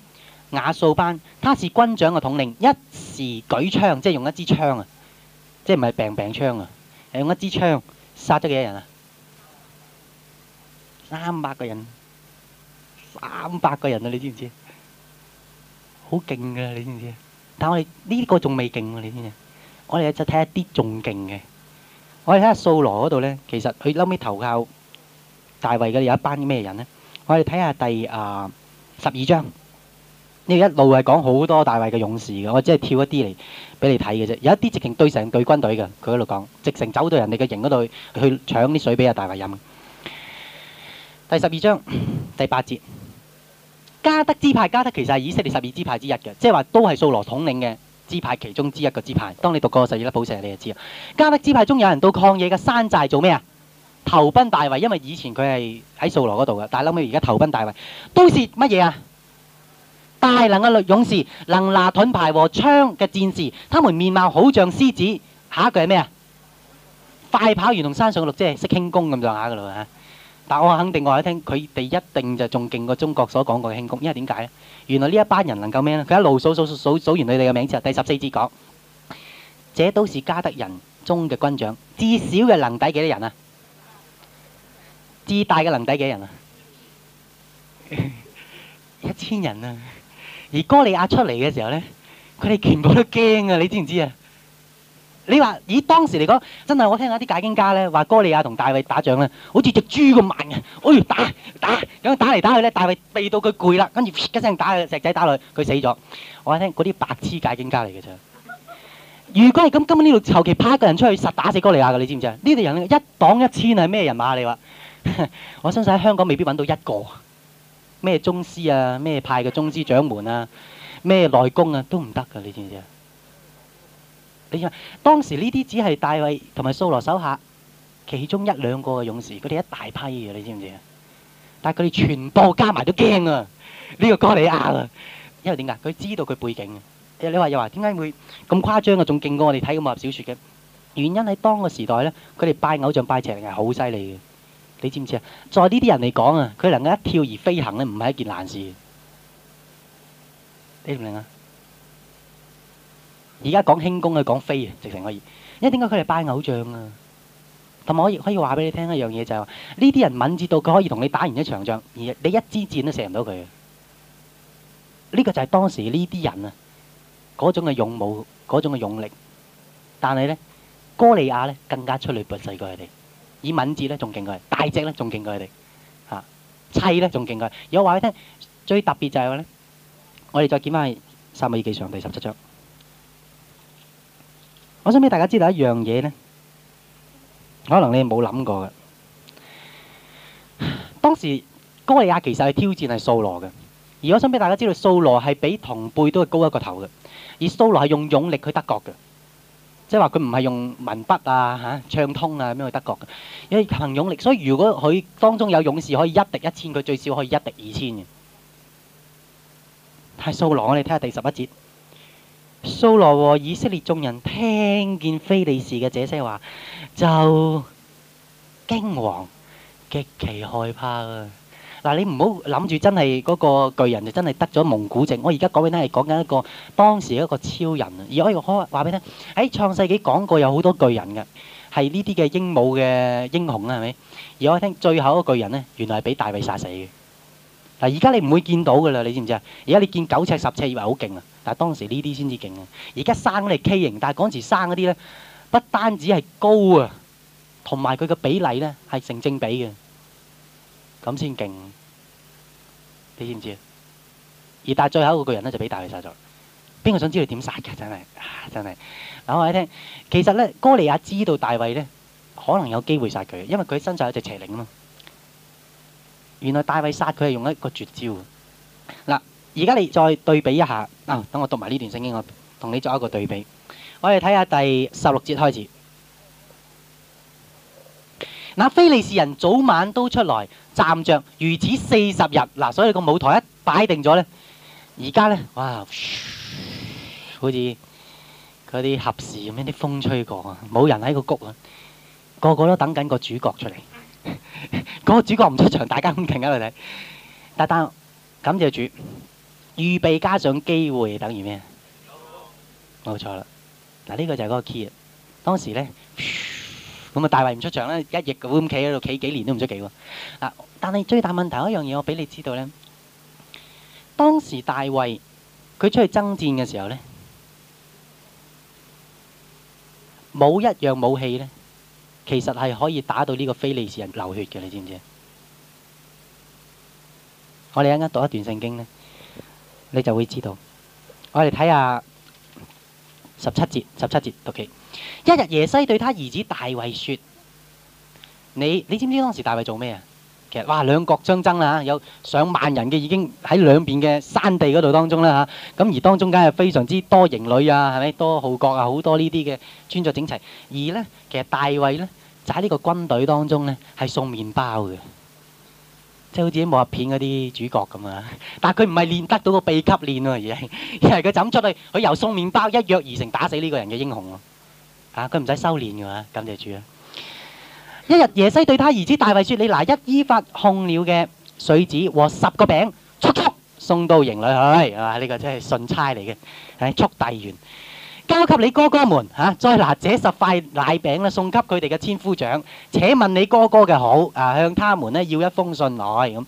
雅素班，他是軍長嘅統領，一時舉槍，即係用一支槍啊，即係唔係掟掟槍啊，用一支槍殺咗幾多人啊？三百個人，三百個人啊！你知唔知？好勁噶，你知唔知？但係我哋呢、這個仲未勁喎、啊，你知唔知？我哋就睇一啲仲勁嘅，我哋睇下掃羅嗰度咧，其實佢嬲尾投靠大衛嘅有一班咩人咧？我哋睇下第誒十二章。呢一路係講好多大衛嘅勇士嘅，我只係跳一啲嚟俾你睇嘅啫。有一啲直情堆成隊軍隊嘅，佢喺度講，直情走到人哋嘅營嗰度去搶啲水俾阿大衛飲。第十二章第八節，加德支派，加德其實係以色列十二支派之一嘅，即係話都係掃羅統領嘅支派其中之一個支派。當你讀過十二粒寶石，你就知啦。加德支派中有人到曠野嘅山寨做咩啊？投奔大衛，因為以前佢係喺掃羅嗰度嘅，但係後屘而家投奔大衛，都係乜嘢啊？大能嘅綠勇士，能拿盾牌和槍嘅戰士，他們面貌好像獅子。下一句係咩啊？快跑如同山上鹿，即係識輕功咁上下噶啦吓。但係我肯定我話你聽，佢哋一定就仲勁過中國所講過嘅輕功，因為點解咧？原來呢一班人能夠咩咧？佢一路數數數數完佢哋嘅名之後，第十四節講：，這都是迦得人中嘅軍長。至少嘅能抵幾多人啊？至大嘅能抵幾多人啊？一千人啊！而哥利亞出嚟嘅時候咧，佢哋全部都驚啊。你知唔知啊？你話以當時嚟講，真係我聽下啲解經家咧，話哥利亞同大衛打仗咧，好似隻豬咁慢啊。哎打打咁打嚟打去咧，大衛避到佢攰啦，跟住一聲打去，石仔打落去，佢死咗。我聽嗰啲白痴解經家嚟嘅啫。 (laughs) 如果係咁，根本呢度後其派一個人出去，實打死哥利亞嘅，你知唔知道這些一一啊？呢度人一擋一千係咩人馬你啊？ (laughs) 我相信喺香港未必揾到一個。咩宗師啊，咩派嘅宗師掌門啊，咩內功啊，都唔得噶，你知唔知啊？你話當時呢啲只係大衛同埋掃羅手下其中一兩個嘅勇士，佢哋一大批嘅，你知唔知他們啊？但係佢哋全部加埋都驚啊！呢個歌利亞啊，因為點解？佢知道佢背景啊！你話又話點解會咁誇張啊？仲勁過我哋睇嘅武俠小說嘅原因喺當個時代咧，佢哋拜偶像拜邪靈係好犀利嘅。你知唔知啊？在呢啲人嚟講啊，佢能夠一跳而飛行咧，唔係一件難事。你明唔明啊？而家講輕功啊，講飛啊，直情可以。因為點解佢哋拜偶像啊？同埋我亦可以話俾你聽一樣嘢就係話，呢啲人敏捷到佢可以同你打完一場仗，而你一支箭都射唔到佢啊。呢個就係當時呢啲人啊，嗰種嘅勇武，嗰種嘅勇，勇力。但係咧，哥利亞咧更加出類拔萃過佢哋。以敏捷咧，仲勁過佢；大隻咧，仲勁過佢哋；嚇，砌咧，仲勁過佢。而我話你聽，最特別就係咧，我哋再檢翻去《撒母耳記上》第十七章。我想俾大家知道一樣嘢咧，可能你冇諗過嘅。當時歌利亞其實係挑戰係掃羅嘅，而我想俾大家知道，掃羅係比同輩都係高一個頭嘅，而掃羅係用勇力去得國嘅。即係話佢唔係用文筆啊、嚇、啊、暢通啊咁去德國嘅，因為憑勇力，所以如果佢當中有勇士可以一敵一千，佢最少可以一敵二千嘅。係掃羅，我哋睇下第十一節。掃羅和以色列眾人聽見非利士嘅這些話，就驚惶，極其害怕啊！嗱，你唔好諗住真係嗰個巨人就真係得咗蒙古症。我而家講俾你聽係講緊一個當時一個超人。而我又可話俾你聽喺創世紀講過有好多巨人嘅，係呢啲嘅英武嘅英雄啊，係咪？而我聽最後一個巨人咧，原來係俾大衛殺死嘅。嗱，而家你唔會見到噶啦，你知唔知啊？而家你見九尺十尺以為好勁啊，但係當時呢啲先至勁啊。而家生嗰啲係畸形，但係嗰陣時生嗰啲咧，不單止係高啊，同埋佢嘅比例咧係成正比嘅。咁先勁，你知唔知？而但係最後嗰個人咧就俾大衛殺咗。邊個想知道點殺嘅？真係，真係。嗱，我話你聽，其實咧哥利亞知道大衛咧可能有機會殺佢，因為佢身上有隻邪靈啊嘛。原來大衛殺佢係用一個絕招。嗱，而家你再對比一下啊，等、哦、我讀埋呢段聖經，我同你作一個對比。我哋睇下第十六節開始。嗱，非利士人早晚都出來站着，如此四十日。嗱，所以個舞台一擺定咗咧，而家咧，哇，好似嗰啲合時咁樣，啲風吹過啊，冇人喺個谷啊，個個都等緊個主角出嚟，嗰個主角唔出場，大家咁勁啊，嚟睇，大丹，感謝主，預備加上機會等於咩？冇錯啦，嗱呢個就係嗰個 key 啊，當時咧。咁啊，大衛唔出場啦，一日咁咁企喺度，企幾年都唔出奇喎。嗱，但係最大問題一樣嘢，我俾你知道咧。當時大衛佢出去爭戰嘅時候咧，冇一樣武器咧，其實係可以打到呢個非利士人流血嘅，你知唔知啊？我哋一陣間讀一段聖經咧，你就會知道。我哋睇下十七節，十七節讀起。一日耶西對他兒子大衛說你：，你你知唔知當時大衛做咩啊？其實哇，兩國相爭啦、啊，有上萬人嘅已經喺兩邊嘅山地嗰度當中啦、啊、吓。咁、啊、而當中梗係非常之多營壘啊，係咪多號角啊，好多呢啲嘅穿着整齊。而呢，其實大衛呢，就喺呢個軍隊當中呢，係送麵包嘅，即係好似啲武俠片嗰啲主角咁啊。但係佢唔係練得到個秘笈練啊，而係而係佢走出去，佢由送麵包一躍而成打死呢個人嘅英雄、啊。佢唔使修練嘅，感謝主啊！一日，耶西對他兒子大衛説：你嗱一依法控了嘅水子和十個餅，速速送到營裏去，係嘛？呢個真係信差嚟嘅，係速遞員，交給你哥哥們嚇。再嗱，這十塊奶餅咧，送給佢哋嘅千夫長。請問你哥哥嘅好啊？向他們咧要一封信來咁。.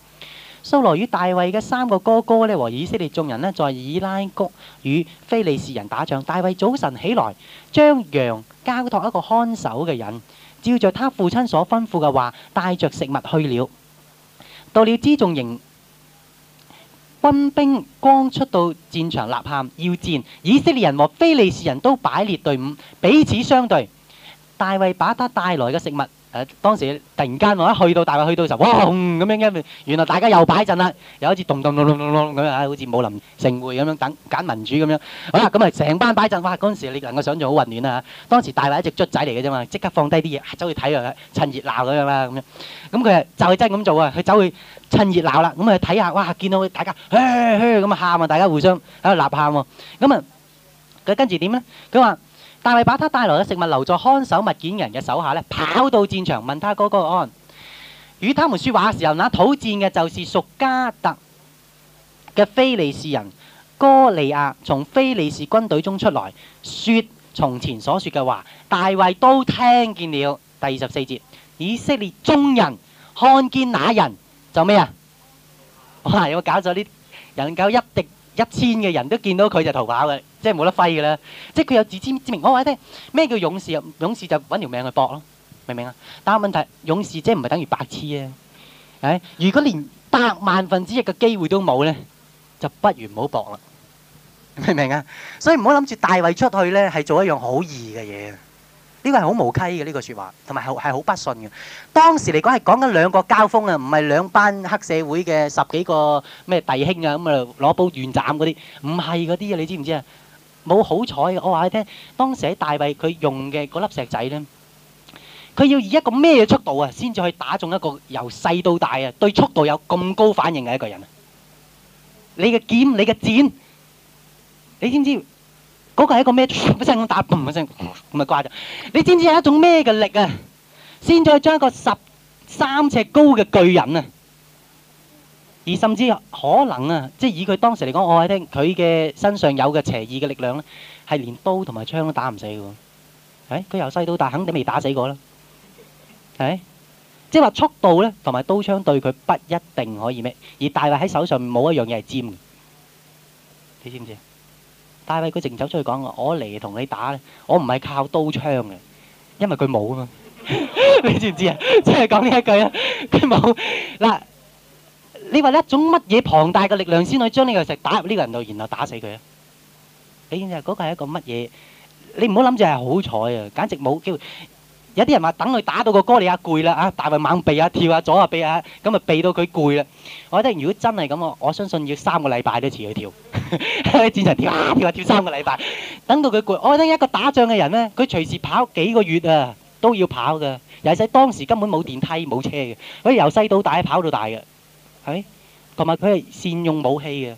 掃羅與大衛嘅三個哥哥咧，和以色列眾人咧，在以拉谷與非利士人打仗。大衛早晨起來，將羊交託一個看守嘅人，照着他父親所吩咐嘅話，帶着食物去了。到了輜重營，軍兵剛出到戰場，吶喊要戰。以色列人和非利士人都擺列隊伍，彼此相對。大衛把他帶來嘅食物。誒當時突然間我一去到大衛去到時候，哇咁樣，因為原來大家又擺陣啦，又好似咚咚咚咚咚咚咁啊，好似武林盛會咁樣等揀民主咁樣。好啦，咁啊成班擺陣，哇！嗰陣時你能夠想象好混亂啊！當時大衛一隻卒仔嚟嘅啫嘛，即刻放低啲嘢，走去睇啊，趁熱鬧咁樣啦咁樣。咁佢啊就係真咁做啊，佢走去趁熱鬧啦。咁啊去睇下，哇！見到大家噉啊喊啊，大家互相喺度吶喊喎。咁啊佢跟住點咧？佢話。大衛把他帶來嘅食物留在看守物件人嘅手下咧，跑到戰場問他哥哥嘅安。與他們說話嘅時候，那討戰嘅就是屬迦特嘅非利士人歌利亞，從非利士軍隊中出來，說從前所說嘅話，大衛都聽見了。第二十四節，以色列眾人看見那人，就咩啊？我有冇搞咗啲人狗一滴。」一千嘅人都見到佢就逃跑嘅，即係冇得揮嘅啦。即係佢有自知之明，我話你聽咩叫勇士啊？勇士就搵條命去搏咯，明唔明啊？但係問題勇士即係唔係等於白痴啊？誒，如果連百萬分之一嘅機會都冇咧，就不如唔好搏啦，明唔明啊？所以唔好諗住大衛出去咧係做一樣好易嘅嘢。呢個係好無稽嘅呢個説話，同埋係係好不信嘅。當時嚟講係講緊兩個交鋒啊，唔係兩班黑社會嘅十幾個咩弟兄啊，咁啊攞刀亂斬嗰啲，唔係嗰啲啊，你知唔知啊？冇好彩嘅，我話你聽，當時喺大衞佢用嘅嗰粒石仔咧，佢要以一個咩速度啊，先至可以打中一個由細到大啊，對速度有咁高反應嘅一個人啊！你嘅劍，你嘅箭，你知唔知？嗰個係一個咩？一聲咁打，嘭一聲咁咪掛咗。你知唔知係一種咩嘅力啊？先再將一個十三尺高嘅巨人啊，而甚至可能啊，即係以佢當時嚟講，我喺聽佢嘅身上有嘅邪異嘅力量咧，係連刀同埋槍都打唔死嘅喎。誒，佢由細到大肯定未打死過啦。誒，即係話速度咧，同埋刀槍對佢不一定可以咩？而大衛喺手上冇一樣嘢係尖嘅。你知唔知？大衛佢淨走出去講，我嚟同你打，我唔係靠刀槍嘅，因為佢冇啊嘛，你知唔知啊？即係講呢一句啊，佢冇嗱，你話一種乜嘢龐大嘅力量先可以將呢嚿石打入呢個人度，然後打死佢啊？你知啊？嗰個係一個乜嘢？你唔好諗住係好彩啊，簡直冇機會。有啲人話等佢打到個歌利亞攰啦啊，大衛猛避啊跳啊左啊避啊，咁啊避到佢攰啦。我覺得如果真係咁啊，我相信要三個禮拜都似佢去跳。戰神跳跳啊跳三個禮拜，等到佢攰。我覺得一個打仗嘅人咧，佢隨時跑幾個月啊都要跑㗎，尤其係當時根本冇電梯冇車嘅，所以由細到大跑到大嘅，係咪同埋佢係善用武器嘅，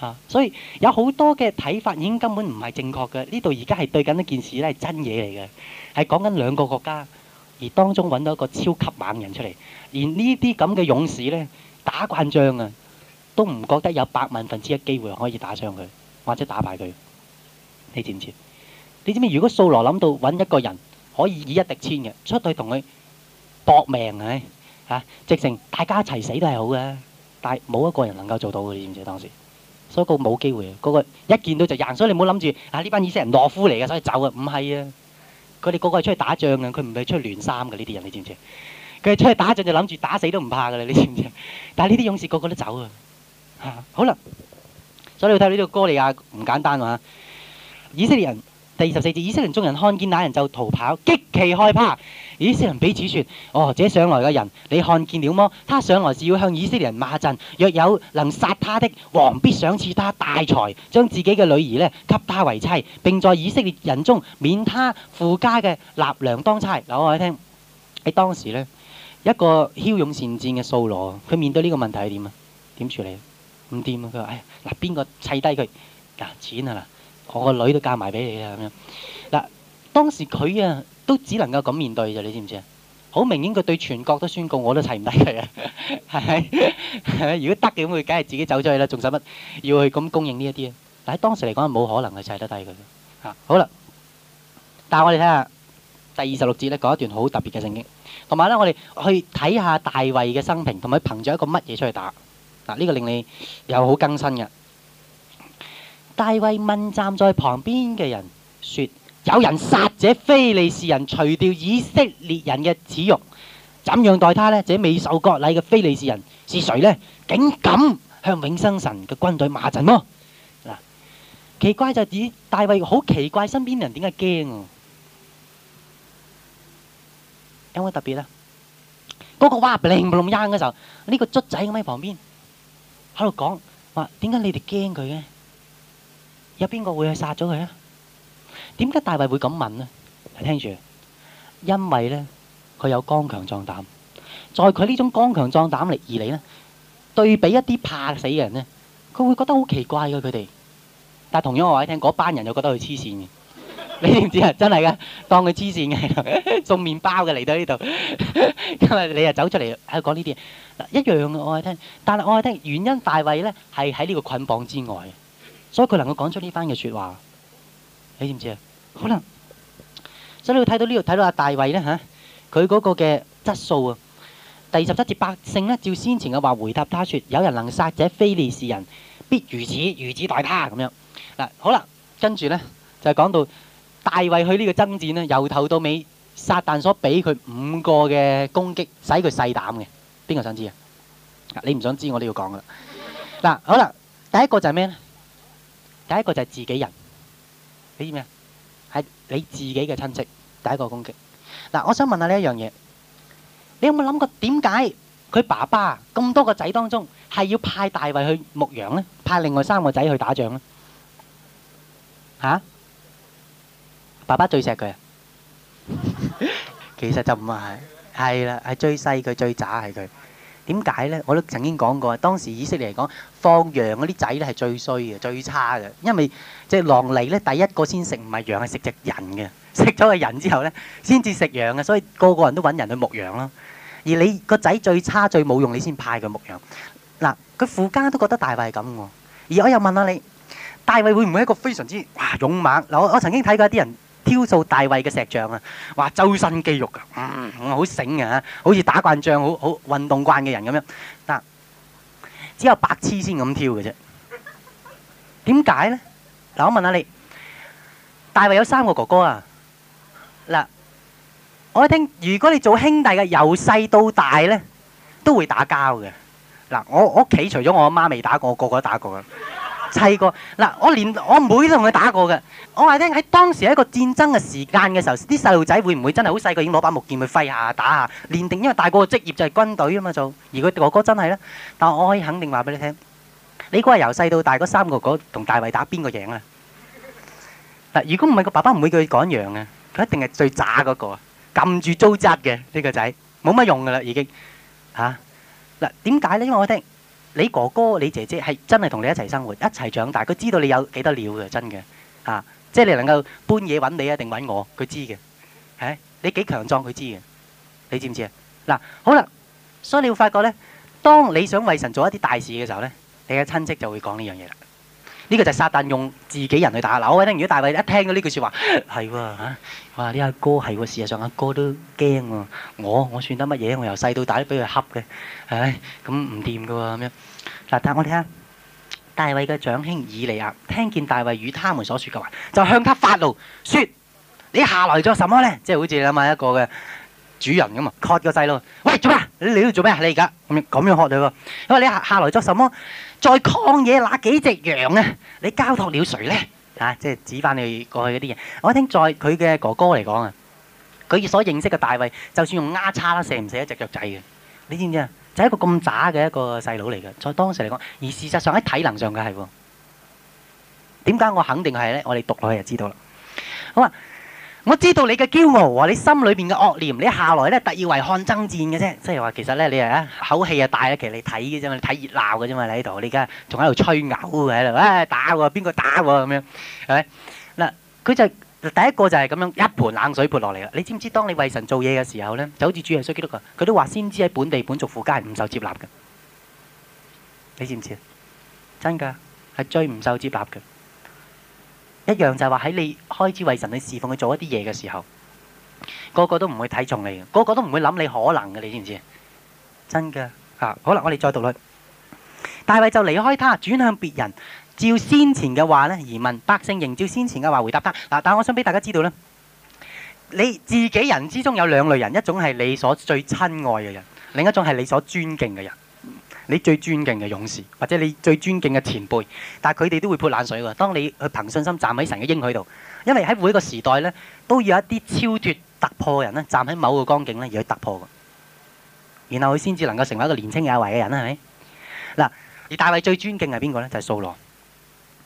吓，所以有好多嘅睇法，已經根本唔係正確嘅。呢度，而家係對緊一件事咧，係真嘢嚟嘅，係講緊兩個國家，而當中揾到一個超級猛人出嚟，連呢啲咁嘅勇士咧打慣仗啊。都唔覺得有百萬分之一機會可以打傷佢，或者打敗佢。你知唔知？你知唔知？如果掃羅諗到揾一個人可以以一敵千嘅出去同佢搏命，唉嚇，直情大家一齊死都係好嘅。但係冇一個人能夠做到嘅，你知唔知？當時所以個冇機會嘅嗰個一見到就贏，所以你唔好諗住啊！呢班以色列人懦夫嚟嘅，所以走嘅唔係啊。佢哋個個係出去打仗嘅，佢唔係出去聯三嘅呢啲人。你知唔知？佢哋出去打仗就諗住打死都唔怕嘅啦。你知唔知？但係呢啲勇士個個都走啊。啊、好啦，所以你睇呢度歌利亞唔簡單啊！以色列人第二十四節，以色列中人看見那人就逃跑，極其害怕。以色列人彼此説：哦，這上來嘅人，你看見了麼？他上來是要向以色列人罵陣。若有能殺他的，王必賞賜他大財，將自己嘅女兒呢給他為妻。並在以色列人中免他父家嘅納糧當差。嗱，我哋聽喺當時呢，一個驍勇善戰嘅掃羅，佢面對呢個問題係點啊？點處理？唔掂啊！佢話：哎呀，嗱，邊個砌低佢？嗱，錢啊嗱，我個女都嫁埋俾你啊咁樣。嗱，當時佢啊，都只能夠咁面對咋？你知唔知啊？好明顯，佢對全國都宣告，我都砌唔低佢啊！係咪？係咪？如果得嘅咁，佢梗係自己走咗去啦，仲使乜要去咁供應呢一啲啊？但喺當時嚟講，係冇可能去砌得低佢嘅。啊，好啦，但係我哋睇下第二十六節咧，講一段好特別嘅聖經，同埋咧，我哋去睇下大衛嘅生平，同埋憑住一個乜嘢出去打。嗱，呢個令你又好更新嘅。大衛問站在旁邊嘅人：説有人殺者非利士人，除掉以色列人嘅恥辱，怎樣待他呢？這未受割禮嘅非利士人是誰呢？竟敢向永生神嘅軍隊罵陣喎！嗱，奇怪就係點？大衛好奇怪，身邊人點解驚？有冇特別啊？嗰個話令唔同樣嘅時候，呢個卒仔咁喺旁邊。喺度講話點解你哋驚佢嘅？有邊個會去殺咗佢啊？點解大衛會咁問呢？聽住，因為呢，佢有剛強壯膽，在佢呢種剛強壯膽嚟而嚟呢，對比一啲怕死嘅人呢，佢會覺得好奇怪嘅佢哋。但係同樣我話你聽，嗰班人又覺得佢黐線嘅。你知唔知啊？真係噶，當佢黐線嘅送麵包嘅嚟到呢度，今日你又走出嚟喺度講呢啲嘢嗱一樣嘅，我係聽，但係我係聽原因，大衛咧係喺呢個捆綁之外，所以佢能夠講出呢番嘅說話。你知唔知啊？可能所以你睇到呢度睇到阿大衛咧嚇，佢嗰個嘅質素啊。第十七節百姓咧，照先前嘅話回答他說：有人能殺者，非利士人，必如此，如此待他咁樣嗱。好啦，跟住咧就係講到。大衛去呢個爭戰呢，由頭到尾，撒但所俾佢五個嘅攻擊，使佢細膽嘅。邊個想知啊？你唔想知，我都要講噶啦。嗱，好啦，第一個就係咩呢？第一個就係自己人，你知咩？係你自己嘅親戚，第一個攻擊。嗱，我想問下呢一樣嘢，你有冇諗過點解佢爸爸咁多個仔當中，係要派大衛去牧羊呢，派另外三個仔去打仗呢？吓？爸爸最錫佢呀，其實就唔係，係啦，係最細佢最渣係佢。點解咧？我都曾經講過，當時以色列嚟講，放羊嗰啲仔咧係最衰嘅，最差嘅，因為隻狼嚟咧，第一個先食唔係羊，係食隻人嘅。食咗個人之後咧，先至食羊嘅。所以個個人都揾人去牧羊咯。而你個仔最差，最冇用，你先派佢牧羊。嗱，佢父家都覺得大衛係咁喎。而我又問下你，大衛會唔會一個非常之哇勇猛嗱？我我曾經睇過啲人。挑做大衛嘅石像啊！話周身肌肉啊，好醒啊，好似打慣仗，好好運動慣嘅人咁樣。嗱，只有白痴先咁挑嘅啫。點解咧？嗱，我問下你，大衛有三個哥哥啊。嗱，我一聽，如果你做兄弟嘅，由細到大咧，都會打交嘅。嗱，我我屋企除咗我阿媽未打過，個個都打過噶。細個嗱，我連我妹都同佢打過嘅，我話你聽喺當時一個戰爭嘅時間嘅時候，啲細路仔會唔會真係好細個已經攞把木劍去揮下打下練定？因為大個嘅職業就係軍隊啊嘛做。而佢哥哥真係咧，但係我可以肯定話俾你聽，你估由細到大嗰三個哥同大衛打邊個贏啦？嗱，如果唔係個爸爸唔會叫佢趕羊啊，佢一定係最渣嗰個，撳住租扎嘅呢個仔，冇乜用噶啦已經吓。嗱，點解咧？因為我聽。你哥哥、你姐姐係真係同你一齊生活、一齊長大，佢知道你有幾多料嘅，真嘅、啊、即係你能夠半夜揾你一定揾我，佢知嘅。唉、啊，你幾強壯佢知嘅，你知唔知啊？嗱，好啦，所以你會發覺呢，當你想為神做一啲大事嘅時候呢，你嘅親戚就會講呢樣嘢啦。呢、這個就係撒旦用自己人去打攪啊！聽，如果大衛一聽到呢句説話，係喎嚇，哇！啲阿哥係喎、啊，事實上阿哥都驚喎、啊。我我算得乜嘢？我由細到大都俾佢恰嘅。唉、哎，咁唔掂噶喎咁樣、啊。嗱，我哋啊，大衛嘅長兄以利亞，聽見大衛與他們所説嘅話，就向他發怒，説：你下來咗什麼咧？即係好似你諗下一個嘅主人咁啊，call 個細路，喂，做咩？你你要做咩？你而家咁樣學你喎？因為你下下來咗什麼？再抗野那幾隻羊啊！你交託了誰呢？嚇，即係指翻你過去嗰啲嘢。我聽在佢嘅哥哥嚟講啊，佢所認識嘅大衛，就算用丫叉啦，射唔射得一隻腳仔嘅？你知唔知啊？就係一個咁渣嘅一個細佬嚟嘅，在當時嚟講，而事實上喺體能上嘅係。點解我肯定係呢？我哋讀落去就知道啦。好啊。我知道你嘅驕傲啊，你心裏邊嘅惡念，你下來咧特意為漢爭戰嘅啫。即係話其實咧，你係啊口氣啊大啊，其實你睇嘅啫嘛，你睇熱鬧嘅啫嘛，你喺度你而家仲喺度吹牛嘅喺度，唉、哎、打喎、啊，邊個打喎、啊、咁樣，係咪嗱？佢就第一個就係咁樣一盆冷水潑落嚟啦。你知唔知當你為神做嘢嘅時候咧，就好似主耶穌基督佢都話，先知喺本地本族父家係唔受接納嘅。你知唔知啊？真噶係最唔受接納嘅。一樣就係話喺你開始為神去侍奉佢做一啲嘢嘅時候，個個都唔會睇重你嘅，個個都唔會諗你可能嘅，你知唔知？真嘅！嚇、啊！好啦，我哋再讀啦。大衛就離開他，轉向別人，照先前嘅話咧而問百姓，仍照先前嘅話回答他。嗱、啊，但係我想俾大家知道咧，你自己人之中有兩類人，一種係你所最親愛嘅人，另一種係你所尊敬嘅人。你最尊敬嘅勇士，或者你最尊敬嘅前輩，但係佢哋都會潑冷水㗎。當你去憑信心站喺神嘅應許度，因為喺每一個時代咧，都有一啲超脱突破嘅人咧，站喺某個光景咧，而去突破㗎。然後佢先至能夠成為一個年青有為嘅人，係咪？嗱，而大衛最尊敬係邊個咧？就係、是、掃羅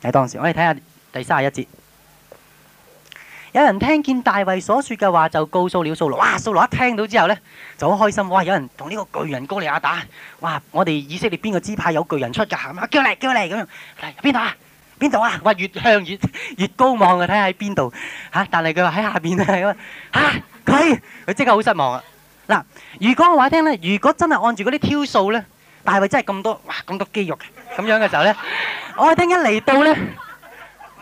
喺當時。我哋睇下第三十一節。有人聽見大衛所説嘅話，就告訴了掃羅。哇！掃羅一聽到之後咧，就好開心。哇！有人同呢個巨人歌利亞打。哇！我哋以色列邊個支派有巨人出㗎？係嘛？叫嚟，叫嚟咁樣。嚟邊度啊？邊度啊？哇！越向越越高望嘅，睇下喺邊度嚇。但係佢話喺下邊咧。嚇！佢佢即刻好失望啊！嗱，如果我話聽咧，如果真係按住嗰啲挑數咧，大衛真係咁多哇咁多肌肉咁樣嘅時候咧，我聽一嚟到咧，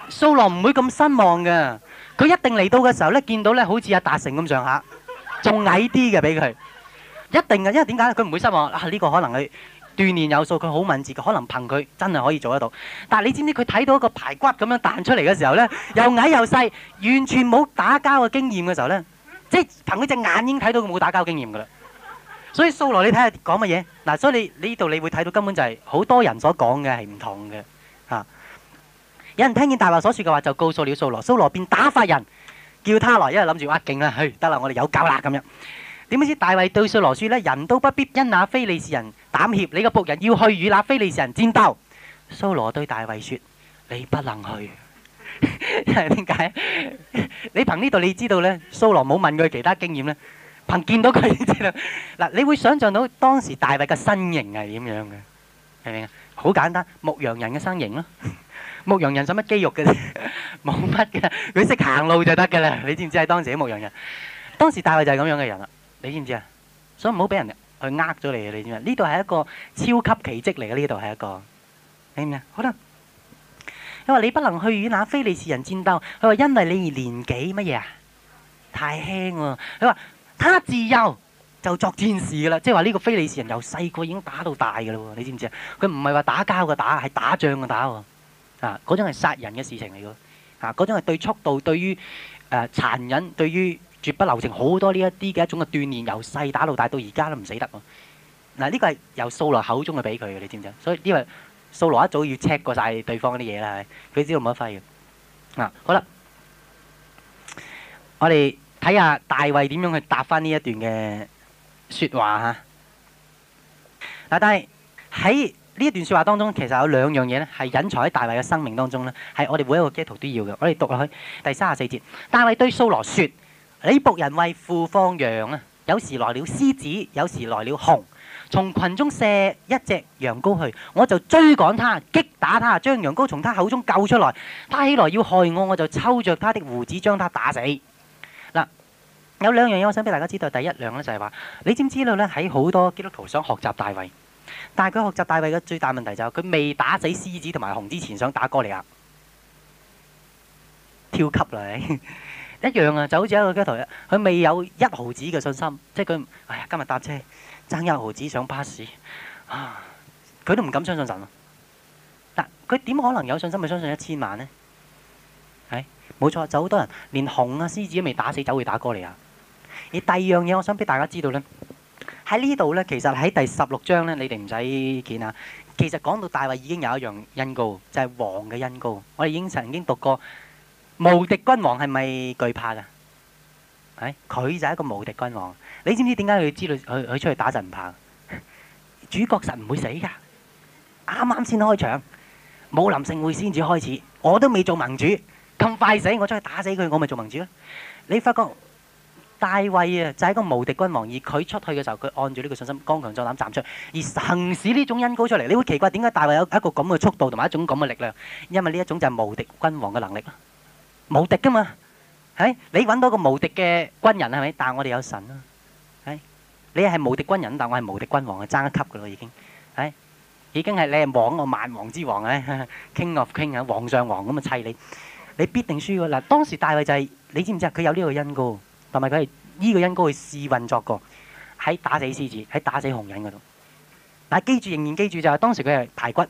掃羅唔會咁失望嘅。佢一定嚟到嘅時候咧，見到咧好似阿達成咁上下，仲矮啲嘅俾佢，一定嘅，因為點解咧？佢唔會失望，啊呢個可能佢鍛鍊有數，佢好敏捷，佢可能憑佢真係可以做得到。但係你知唔知佢睇到一個排骨咁樣彈出嚟嘅時候咧，又矮又細，完全冇打交嘅經驗嘅時候咧，即係憑佢隻眼已經睇到佢冇打交經驗㗎啦。所以掃羅你睇下講乜嘢嗱，所以你你呢度你會睇到根本就係好多人所講嘅係唔同嘅。有人聽見大衛所說嘅話，就告訴了蘇羅，蘇羅便打發人叫他來，因為諗住哇勁啦，去得啦，我哋有搞啦咁樣。點知大衛對蘇羅說咧：人都不必因那非利士人膽怯，你個僕人要去與那非利士人戰鬥。蘇羅對大衛說：你不能去，係點解？你憑呢度你知道咧？蘇羅冇問佢其他經驗咧，憑見到佢知道。嗱，你會想象到當時大衛嘅身形係點樣嘅？明唔明啊？好簡單，牧羊人嘅身形咯。牧羊人使乜肌肉嘅啫，冇乜嘅，佢識行路就得嘅啦。你知唔知係當時嘅牧羊人？當時大衛就係咁樣嘅人啦。你知唔知啊？所以唔好俾人去呃咗你。你知唔知？呢度係一個超級奇蹟嚟嘅。呢度係一個你唔知，知？可能佢話你不能去與那非利士人戰鬥。佢話因為你而年紀乜嘢啊？太輕喎。佢話他自幼就作戰士噶啦，即係話呢個非利士人由細個已經打到大噶啦。你知唔知啊？佢唔係話打交嘅打，係打仗嘅打喎。啊！嗰種係殺人嘅事情嚟嘅，啊！嗰種係對速度、對於誒殘忍、對於絕不留情，好多呢一啲嘅一種嘅鍛鍊，由細打到大到而家都唔死得喎、啊。嗱、啊，呢、這個係由掃羅口中去俾佢嘅，你知唔知？所以因為掃羅一早要 check 過晒對方啲嘢啦，佢知道冇得揮嘅。嗱、啊，好啦，我哋睇下大衛點樣去答翻呢一段嘅説話嚇。嗱、啊，但係喺呢一段說話當中，其實有兩樣嘢咧，係隱藏喺大衛嘅生命當中咧，係我哋每一個基督徒都要嘅。我哋讀落去第三十四節，大衛對蘇羅說：「你僕人為父放羊啊，有時來了獅子，有時來了熊，從群中射一隻羊羔去，我就追趕他，擊打他，將羊羔從他口中救出來。他起來要害我，我就抽着他的鬍子將他打死。」嗱，有兩樣嘢我想俾大家知道，第一樣咧就係話，你知唔知道咧？喺好多基督徒想學習大衛。但係佢學習大衛嘅最大問題就係佢未打死獅子同埋熊之前想打歌利亞，跳級啦， (laughs) 一樣啊，就好似一個基督徒，佢未有一毫子嘅信心，即係佢、哎呀，今日搭車爭一毫子上巴士，啊，佢都唔敢相信神啊！但佢點可能有信心咪相信一千萬呢？係冇錯，就好多人連熊啊、獅子都未打死，就會打歌利亞。而第二樣嘢，我想俾大家知道呢。喺呢度咧，其實喺第十六章咧，你哋唔使見啊。其實講到大衛已經有一樣恩膏，就係王嘅恩膏。我哋已經曾經讀過無敵君王係咪懼怕噶？係佢就係一個無敵君王。你知唔知點解佢知道佢佢出去打仗唔怕？主角神唔會死噶。啱啱先開場，武林盛會先至開始。我都未做盟主，咁快死，我出去打死佢，我咪做盟主啦。你發覺？大衛啊，就係個無敵君王，而佢出去嘅時候，佢按住呢個信心，剛強壯膽站出嚟，而行使呢種恩膏出嚟。你會奇怪點解大衛有一個咁嘅速度同埋一種咁嘅力量？因為呢一種就係無敵君王嘅能力咯，無敵噶嘛。係你揾到個無敵嘅軍人係咪？但係我哋有神啊。係你係無敵軍人，但我係無敵君王啊，爭一級噶咯已經。係已經係你係王我萬王之王啊，King of King，皇上王咁啊砌你，你必定輸㗎喇。當時大衛就係你知唔知啊？佢有呢個恩膏。同埋佢係依個恩膏去試運作過，喺打死獅子，喺打死紅人嗰度。但係記住，仍然記住就係當時佢係排骨，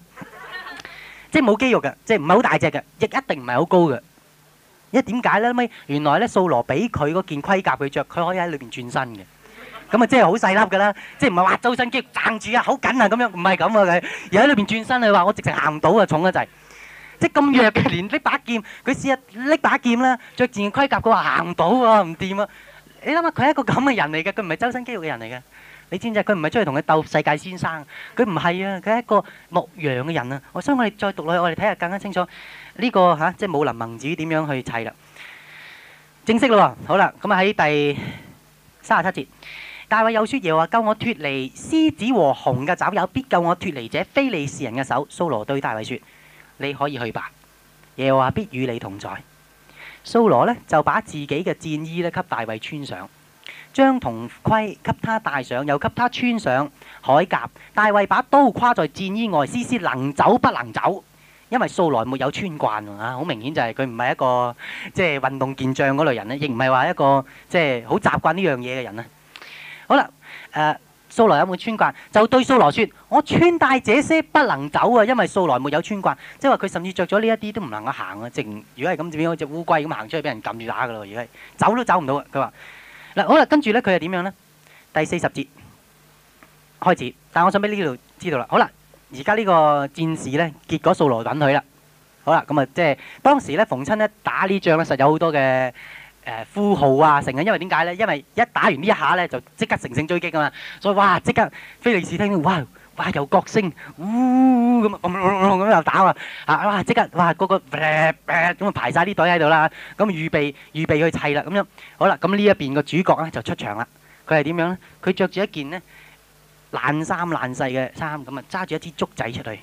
即係冇肌肉嘅，即係唔係好大隻嘅，亦一定唔係好高嘅。因為點解咧？咪原來咧，掃羅俾佢嗰件盔甲佢著，佢可以喺裏邊轉身嘅。咁啊，即係好細粒噶啦，即係唔係話周身肌肉撐住啊？好緊啊咁樣，唔係咁啊佢，而喺裏邊轉身，佢話我直情行唔到啊，重得滯。即咁弱嘅，連拎把劍，佢試下拎把劍啦，著戰盔甲，佢話行唔到喎，唔掂啊！你諗下，佢係一個咁嘅人嚟嘅，佢唔係周身肌肉嘅人嚟嘅。你知唔知？佢唔係鍾意同佢鬥世界先生，佢唔係啊！佢係一個牧羊嘅人啊！所以我哋再讀落去，我哋睇下更加清楚呢個吓，即武林盟主點樣去砌啦。正式啦，好啦，咁喺第三十七節，大衛有説，耶話救我脱離獅子和熊嘅爪有，必救我脱離者，非利士人嘅手。掃羅對大衛説。你可以去吧，耶和華必與你同在。掃羅咧，就把自己嘅戰衣咧，給大衛穿上，將銅盔給他戴上，又給他穿上鎧甲。大衛把刀跨在戰衣外，試試能走不能走，因為素來沒有穿慣啊。好明顯就係佢唔係一個即係運動健將嗰類人咧，亦唔係話一個即係好習慣呢樣嘢嘅人啊。好啦，誒。素來有冇穿慣？就對掃羅説：我穿戴這些不能走啊，因為素來沒有穿慣。即係話佢甚至著咗呢一啲都唔能夠行啊！淨如果係咁，變左隻烏龜咁行出去，俾人撳住打噶咯！如果係走都走唔到啊！佢話：嗱，好啦，跟住咧佢係點樣咧？第四十節開始，但係我想俾呢度知道啦。好啦，而家呢個戰士咧，結果掃羅揾佢啦。好啦，咁啊，即係當時咧，逢親咧打呢仗咧，實有好多嘅。誒、呃、呼號啊，成日因為點解咧？因為一打完呢一下咧，就即刻乘勝追擊啊嘛！所以哇，即刻菲利士聽哇哇有角聲，咁咁咁又打啊嚇哇！即、嗯嗯嗯嗯嗯嗯啊、刻哇嗰個咁啊排晒啲隊喺度啦，咁、呃呃呃、預備預備去砌啦咁樣。好啦，咁呢一邊個主角咧就出場啦。佢係點樣咧？佢着住一件呢爛衫爛細嘅衫，咁啊揸住一支竹仔出嚟。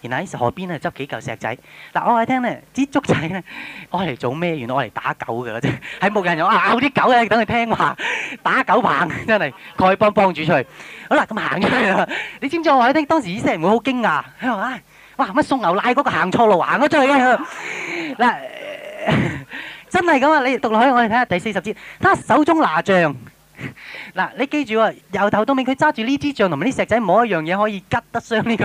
然後喺河邊咧執幾嚿石仔。嗱，我話你聽咧，支竹仔咧愛嚟做咩？原來愛嚟打狗嘅啫，喺牧人度啊咬啲狗嘅，等你聽話，打狗棒真係，丐幫幫主出去。好啦，咁行出去啦，你知唔知，我話你聽當時啲人會好驚訝，佢話啊，哇乜送牛奶嗰個行錯路行咗出去嘅，嗱真係咁啊！你讀落去，我哋睇下第四十節，他手中拿杖。嗱，你記住啊，由頭到尾佢揸住呢支杖同埋啲石仔，冇一樣嘢可以拮得傷呢個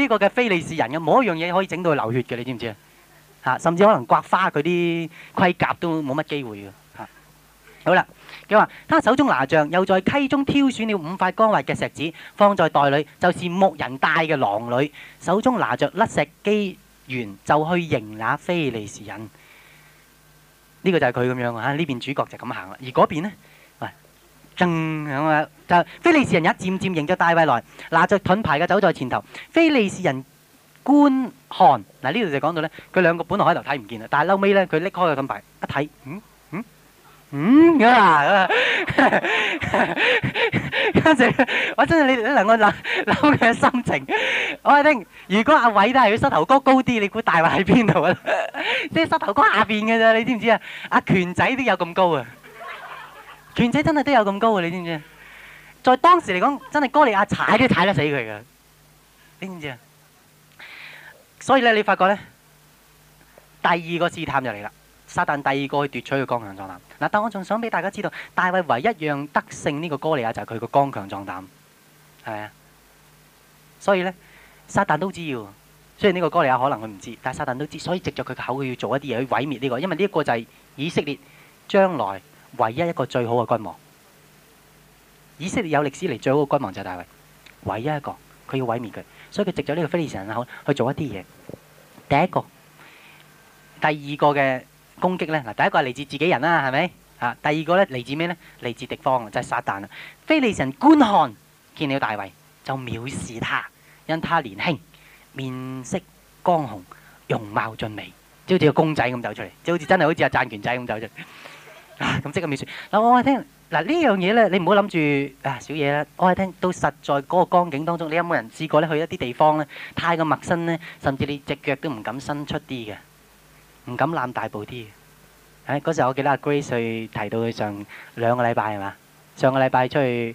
呢個嘅非利士人嘅，冇一樣嘢可以整到流血嘅，你知唔知啊？吓，甚至可能颳花佢啲盔甲都冇乜機會嘅吓。好啦，佢話他手中拿杖，又在溪中挑選了五塊光滑嘅石子，放在袋裏，就是牧人帶嘅囊裏。手中拿着甩石機緣，就去迎那非利士人。呢個就係佢咁樣啊！呢邊主角就咁行啦，而嗰邊呢。正咁啊！就非利士人一漸漸迎著大衛來，拿着盾牌嘅走在前頭。非利士人觀看嗱，呢度就講到咧，佢兩個本來喺度睇唔見啊，但係嬲尾咧，佢拎開個盾牌一睇，嗯嗯嗯啊！跟住我真係你兩個諗諗佢嘅心情。我話你聽，如果阿偉都係佢膝頭哥高啲，你估大衛喺邊度啊？即係膝頭哥下邊嘅咋？你知唔知啊？阿權仔都有咁高啊！權者真係都有咁高嘅，你知唔知？在當時嚟講，真係哥利亞踩都踩得死佢嘅，你知唔知啊？所以咧，你發覺咧，第二個試探就嚟啦。撒旦第二個去奪取佢剛強壯膽嗱。但我仲想俾大家知道，大衛唯一樣得勝呢個哥利亞就係佢個剛強壯膽，係咪啊？所以咧，撒旦都知喎。雖然呢個哥利亞可能佢唔知，但係撒旦都知道。所以藉着佢嘅口，佢要做一啲嘢去毀滅呢個，因為呢一個就係以色列將來。唯一一個最好嘅君王，以色列有歷史嚟最好嘅君王就係大衛。唯一一個佢要毀滅佢，所以佢植咗呢個非利士人去去做一啲嘢。第一個、第二個嘅攻擊呢，嗱，第一個係嚟自自己人啦、啊，係咪啊？第二個咧嚟自咩呢？嚟自敵方，就係撒旦啊。非利士人觀看見了大衛，就藐視他，因他年輕，面色光紅，容貌俊美，即好似個公仔咁走出嚟，即好似真係好似阿贊權仔咁走出嚟。咁即係咁描述，嗱我係聽嗱呢樣嘢咧，你唔好諗住啊小嘢啦，我係聽到實在嗰個光景當中，你有冇人試過咧去一啲地方咧太過陌生咧，甚至你隻腳都唔敢伸出啲嘅，唔敢攬大步啲嘅，喺、啊、嗰時候我記得阿 Grace 去提到佢上兩個禮拜係嘛？上個禮拜出去。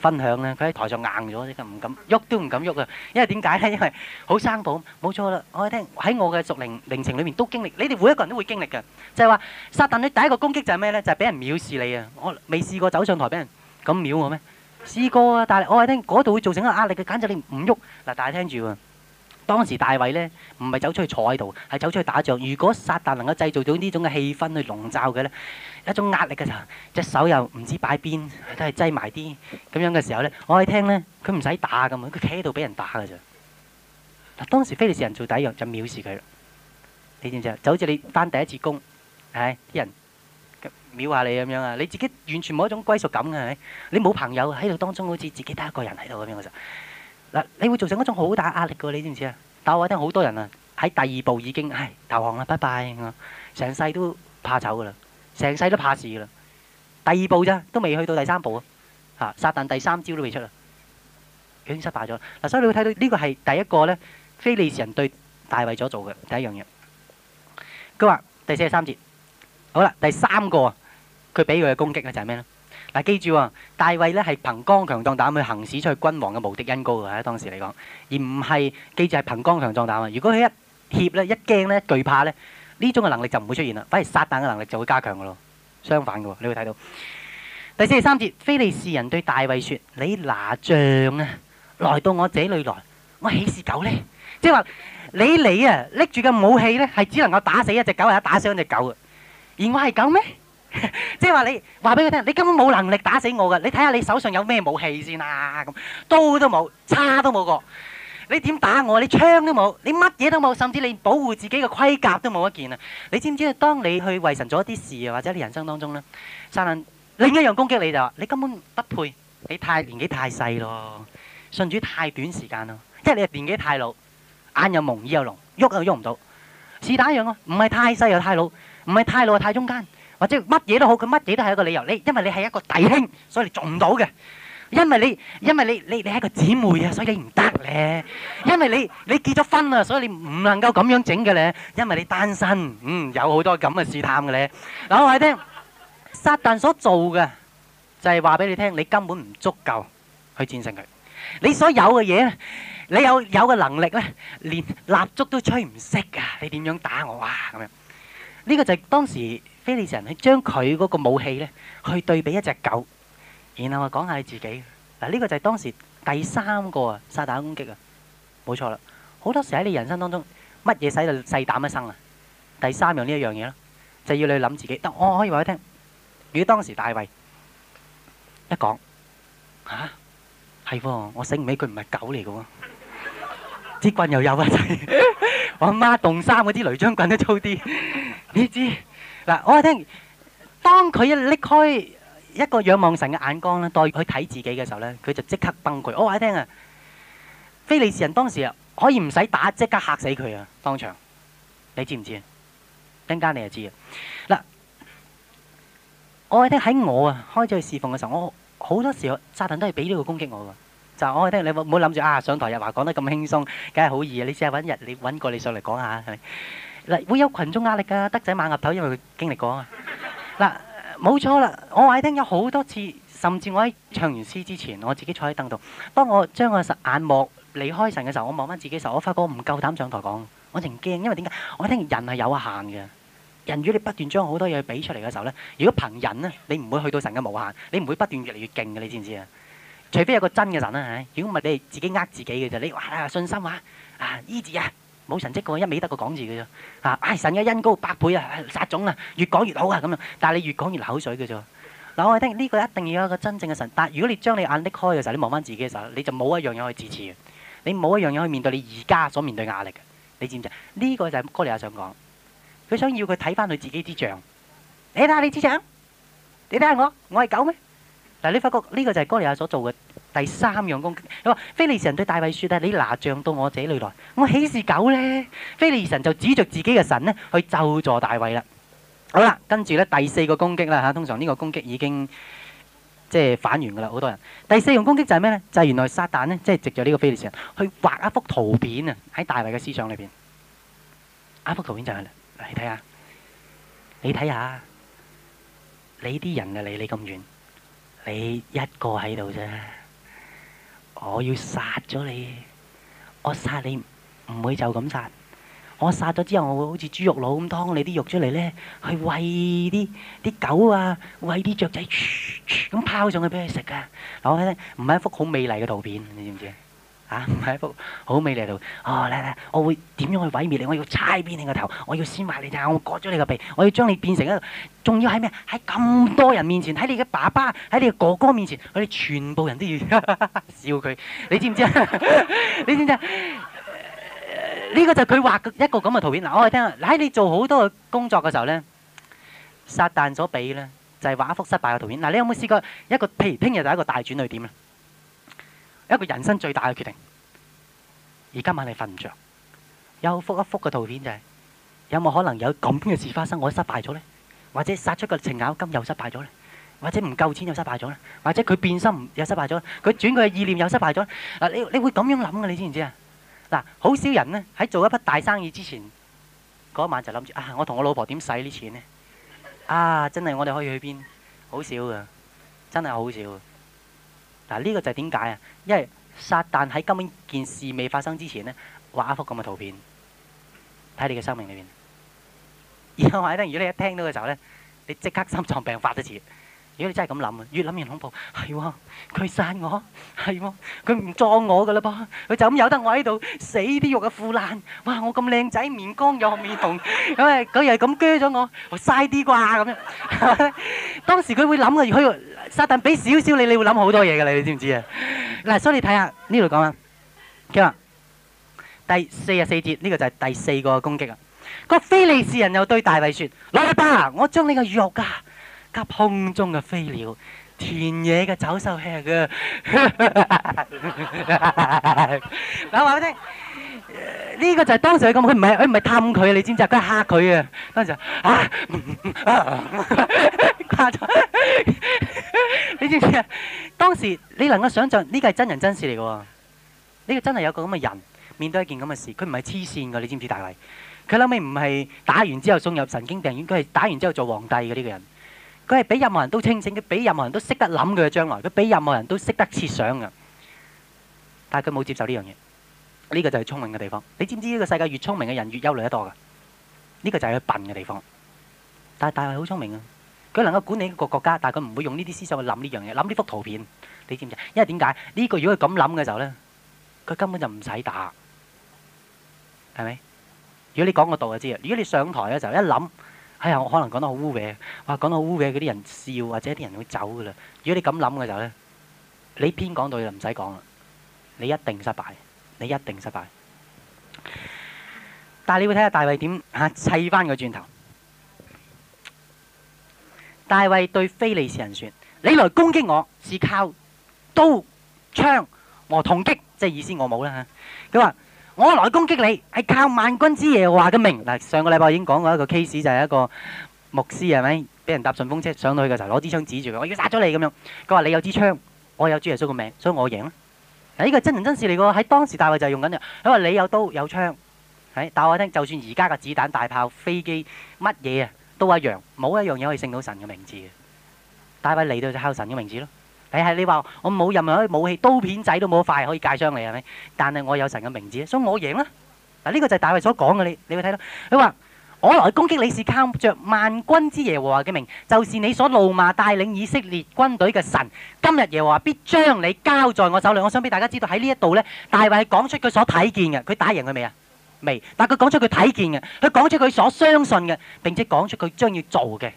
分享咧，佢喺台上硬咗，即係唔敢喐都唔敢喐啊！因為點解咧？因為好生保，冇錯啦。我係聽喺我嘅熟齡齡程裏面都經歷，你哋每一個人都會經歷嘅，就係話撒旦你第一個攻擊就係咩咧？就係俾人藐視你啊！我未試過走上台俾人咁藐我咩？試過啊，但係我係聽嗰度會造成一個壓力嘅，簡直你唔喐嗱，大家聽住啊。當時大衛咧，唔係走出去坐喺度，係走出去打仗。如果撒但能夠製造到呢種嘅氣氛去籠罩嘅咧，一種壓力嘅時候，隻手又唔知擺邊，都係擠埋啲咁樣嘅時候咧，我哋聽咧，佢唔使打咁樣，佢企喺度俾人打嘅咋。嗱，當時非利士人做第一樣就藐視佢啦，你知唔知啊？就好似你翻第一次工，係啲人藐下你咁樣啊，你自己完全冇一種歸屬感嘅，你冇朋友喺度當中，好似自己得一個人喺度咁樣嘅時候。嗱，你會造成一種好大壓力嘅，你知唔知啊？但我話聽好多人啊，喺第二步已經投降啦，拜拜！成世都怕醜嘅啦，成世都怕事嘅啦。第二步咋，都未去到第三步啊！嚇，撒但第三招都未出啦，已經失敗咗嗱，所以你會睇到呢個係第一個咧，非利士人對大衛所做嘅第一樣嘢。佢話第四十三節，好啦，第三個啊，佢俾佢嘅攻擊咧就係咩咧？嗱，記住喎，大衛咧係憑剛強壯膽去行使出去君王嘅無敵恩膏嘅，喺當時嚟講，而唔係記住係憑剛強壯膽啊！如果佢一怯咧、一驚咧、一懼怕咧，呢種嘅能力就唔會出現啦，反而撒旦嘅能力就會加強嘅咯，相反嘅喎，你會睇到。第四十三節，非利士人對大衛説：你拿杖啊，來到我這裏來，我豈是狗咧？即係話你你啊拎住個武器咧，係只能夠打死一隻狗或者打傷一隻狗嘅，而我係狗咩？即係話你話俾佢聽，你根本冇能力打死我噶。你睇下你手上有咩武器先啊？咁刀都冇，叉都冇個，你點打我？你槍都冇，你乜嘢都冇，甚至你保護自己嘅盔甲都冇一件啊！你知唔知？當你去為神做一啲事，啊，或者你人生當中咧，撒但另一樣攻擊你就話你根本不配，你太年紀太細咯，信主太短時間咯，即係你年紀太老，眼又蒙，耳又聾，喐又喐唔到，似打樣啊？唔係太細又太老，唔係太老又太中間。或者乜嘢都好，佢乜嘢都係一個理由。你因為你係一個弟兄，所以你做唔到嘅。因為你因為你你你係一個姊妹啊，所以你唔得咧。因為你你結咗婚啦，所以你唔能夠咁樣整嘅咧。因為你單身，嗯，有好多咁嘅試探嘅咧。嗱，我話你聽，撒但所做嘅就係話俾你聽，你根本唔足夠去戰勝佢。你所有嘅嘢，你有有嘅能力咧，連蠟燭都吹唔熄啊！你點樣打我啊？咁樣呢個就係當時。非利士人去將佢嗰個武器咧，去對比一隻狗，然後話，講下佢自己。嗱，呢個就係當時第三個撒旦攻擊啊，冇錯啦。好多時喺你人生當中，乜嘢使到細膽一生啊？第三樣呢一樣嘢咯，就要你諗自己。但係我可以話你聽，如果當時大衛一講吓，係我醒唔起佢唔係狗嚟嘅喎，支棍又有啊！我阿媽凍衫嗰啲雷將棍都粗啲，你知？嗱，我話聽，當佢一拎開一個仰望神嘅眼光咧，代佢去睇自己嘅時候咧，佢就即刻崩潰。我話你聽啊，非利士人當時啊，可以唔使打，即刻嚇死佢啊，當場，你知唔知？陣間你就知啊？嗱，我話聽喺我啊，開咗去侍奉嘅時候，我好多時候撒但都係俾呢個攻擊我噶，就我話聽你唔好諗住啊，上台又話講得咁輕鬆，梗係好易啊，你試下揾，日你揾個你上嚟講下係咪？嗱，會有群眾壓力㗎，得仔猛鴨頭，因為佢經歷過啊。嗱，冇錯啦，我話你聽有好多次，甚至我喺唱完詩之前，我自己坐喺凳度。當我將我眼目離開神嘅時候，我望翻自己嘅時候，我發覺我唔夠膽上台講，我成驚。因為點解？我聽人係有限嘅，人如果你不斷將好多嘢俾出嚟嘅時候咧，如果憑人啊，你唔會去到神嘅無限，你唔會不斷越嚟越勁嘅，你知唔知啊？除非有個真嘅神啦，如果唔係你係自己呃自己嘅就，你話、啊、信心啊啊醫治啊！啊冇神蹟過，一味得個講字嘅啫。啊，神嘅恩高百倍啊，殺種啊，越講越好啊咁樣。但係你越講越口水嘅啫。嗱，我哋聽呢個一定要有個真正嘅神。但係如果你將你眼擘開嘅時候，你望翻自己嘅時候，你就冇一樣嘢可以支持嘅。你冇一樣嘢可以面對你而家所面對壓力嘅。你知唔知？呢個就係歌利亞想講，佢想要佢睇翻佢自己啲像。你睇下你自己，你睇下我，我係狗咩？嗱，你發覺呢個就係歌利亞所做嘅。第三樣攻擊，話腓力士人對大衛説：啊，你拿杖到我這裏來，我豈是狗咧？腓力士人就指著自己嘅神咧，去咒助大衛啦。好啦，跟住咧第四個攻擊啦嚇、啊，通常呢個攻擊已經即係反完噶啦，好多人。第四樣攻擊就係咩呢？就係、是、原來撒旦呢，即係藉住呢個腓力士人去畫一幅圖片啊，喺大衛嘅思想裏邊。啊，幅圖片就係啦，你睇下，你睇下，你啲人啊離你咁遠，你一個喺度啫。我要殺咗你，我殺你唔會就咁殺，我殺咗之後，我會好似豬肉佬咁劏你啲肉出嚟呢，去餵啲啲狗啊，餵啲雀仔咁拋上去俾佢食噶，我睇睇唔係一幅好美麗嘅圖片，你知唔知？啊！係一幅好美麗的圖。哦，嚟我會點樣去毀滅你？我要踩扁你個頭，我要撕壞你隻眼，我割咗你個鼻，我要將你變成一個。仲要喺咩喺咁多人面前，喺你嘅爸爸、喺你嘅哥哥面前，佢哋全部人都要笑佢。你知唔知啊？ (laughs) 你知唔知呢、呃呢個就係佢畫一個咁嘅圖片。嗱、啊，我哋聽下。喺你做好多工作嘅時候咧，撒旦所俾咧就係、是、畫一幅失敗嘅圖片。嗱、啊，你有冇試過一個？譬如聽日就係一個大轉捩點啦。一個人生最大嘅決定，而今晚你瞓唔着，又復一幅嘅圖片就係，有冇可能有咁嘅事發生？我失敗咗呢，或者殺出個程咬金又失敗咗呢，或者唔夠錢又失敗咗呢，或者佢變心又失敗咗，佢轉佢嘅意念又失敗咗。嗱，你你會咁樣諗嘅，你知唔知啊？嗱，好少人呢，喺做一筆大生意之前，嗰晚就諗住啊，我同我老婆點使呢錢呢？啊，真係我哋可以去邊？好少噶，真係好少。嗱，呢個就係點解啊？因為撒旦喺根本件事未發生之前呢，畫一幅咁嘅圖片，睇你嘅生命裏面。然後話咧，如果你一聽到嘅時候呢，你即刻心臟病發都似。如果你真係咁諗啊，越諗越恐怖。係喎，佢殺我，係喎，佢唔撞我噶啦噃，佢就咁由得我喺度死啲肉嘅腐爛。哇，我咁靚仔，面光又面紅，咁啊，佢又係咁鋸咗我，我嘥啲啩咁樣。當時佢會諗嘅，如果撒旦俾少少你，你會諗好多嘢嘅啦，你知唔知啊？嗱，所以你睇下呢度講啊，佢話第四十四節呢個就係第四個攻擊啊。個非利士人又對大衛説：來吧，我將你嘅肉啊！急空中嘅飛鳥，田野嘅走獸吃嘅。嗱，話畀你聽，呢、這個就係當時佢咁，佢唔係佢唔係氹佢，你知唔知啊？佢係嚇佢啊！當時啊！嗯、啊 (laughs) 掛了 (laughs) 你知唔知啊？當時你能夠想象呢個係真人真事嚟嘅喎，呢、這個真係有個咁嘅人面對一件咁嘅事，佢唔係黐線嘅，你知唔知？大衛，佢後尾唔係打完之後送入神經病院，佢係打完之後做皇帝嘅呢、這個人。佢係比任何人都清醒，佢比任何人都識得諗佢嘅將來，佢比任何人都識得設想嘅。但係佢冇接受呢樣嘢，呢個就係聰明嘅地方。你知唔知呢個世界越聰明嘅人越憂慮得多㗎？呢個就係佢笨嘅地方。但係大衛好聰明啊，佢能夠管理一個國家，但係佢唔會用呢啲思想去諗呢樣嘢，諗呢幅圖片，你知唔知？因為點解呢個如果佢咁諗嘅時候咧，佢根本就唔使打，係咪？如果你講個道就知啦。如果你上台嘅時候一諗。哎呀，我可能講到好污穢，哇、啊！講到好污穢，嗰啲人笑，或者啲人會走噶啦。如果你咁諗嘅時候咧，你偏講到嘢就唔使講啦，你一定失敗，你一定失敗。但係你會睇下大衛點嚇砌翻個轉頭。大衛對非利士人説：你來攻擊我是靠刀槍和銅擊。即係意思我冇啦嚇。佢、啊、話。我來攻擊你，係靠萬軍之耶和華嘅名。嗱，上個禮拜我已經講過一個 case，就係一個牧師係咪，俾人搭順風車上到去嘅時候攞支槍指住佢，我要殺咗你咁樣。佢話你有支槍，我有主耶穌嘅名，所以我贏啦。呢個真人真事嚟噶，喺當時大衛就係用緊嘅，因為你有刀有槍，係，但係我聽就算而家嘅子彈、大炮、飛機乜嘢啊，都一樣，冇一樣嘢可以勝到神嘅名字嘅。大衛嚟到就靠神嘅名字咯。你係，你話，我冇任何武器，刀片仔都冇，塊可以界傷你係咪？但係我有神嘅名字，所以我贏啦！嗱，呢個就係大衛所講嘅。你，你會睇到佢話，我來攻擊你是靠著萬軍之耶和華嘅名，就是你所怒罵帶領以色列軍隊嘅神。今日耶和華必將你交在我手裏。我想俾大家知道喺呢一度呢，大衛講出佢所睇見嘅，佢打贏佢未啊？未。但佢講出佢睇見嘅，佢講出佢所相信嘅，並且講出佢將要做嘅，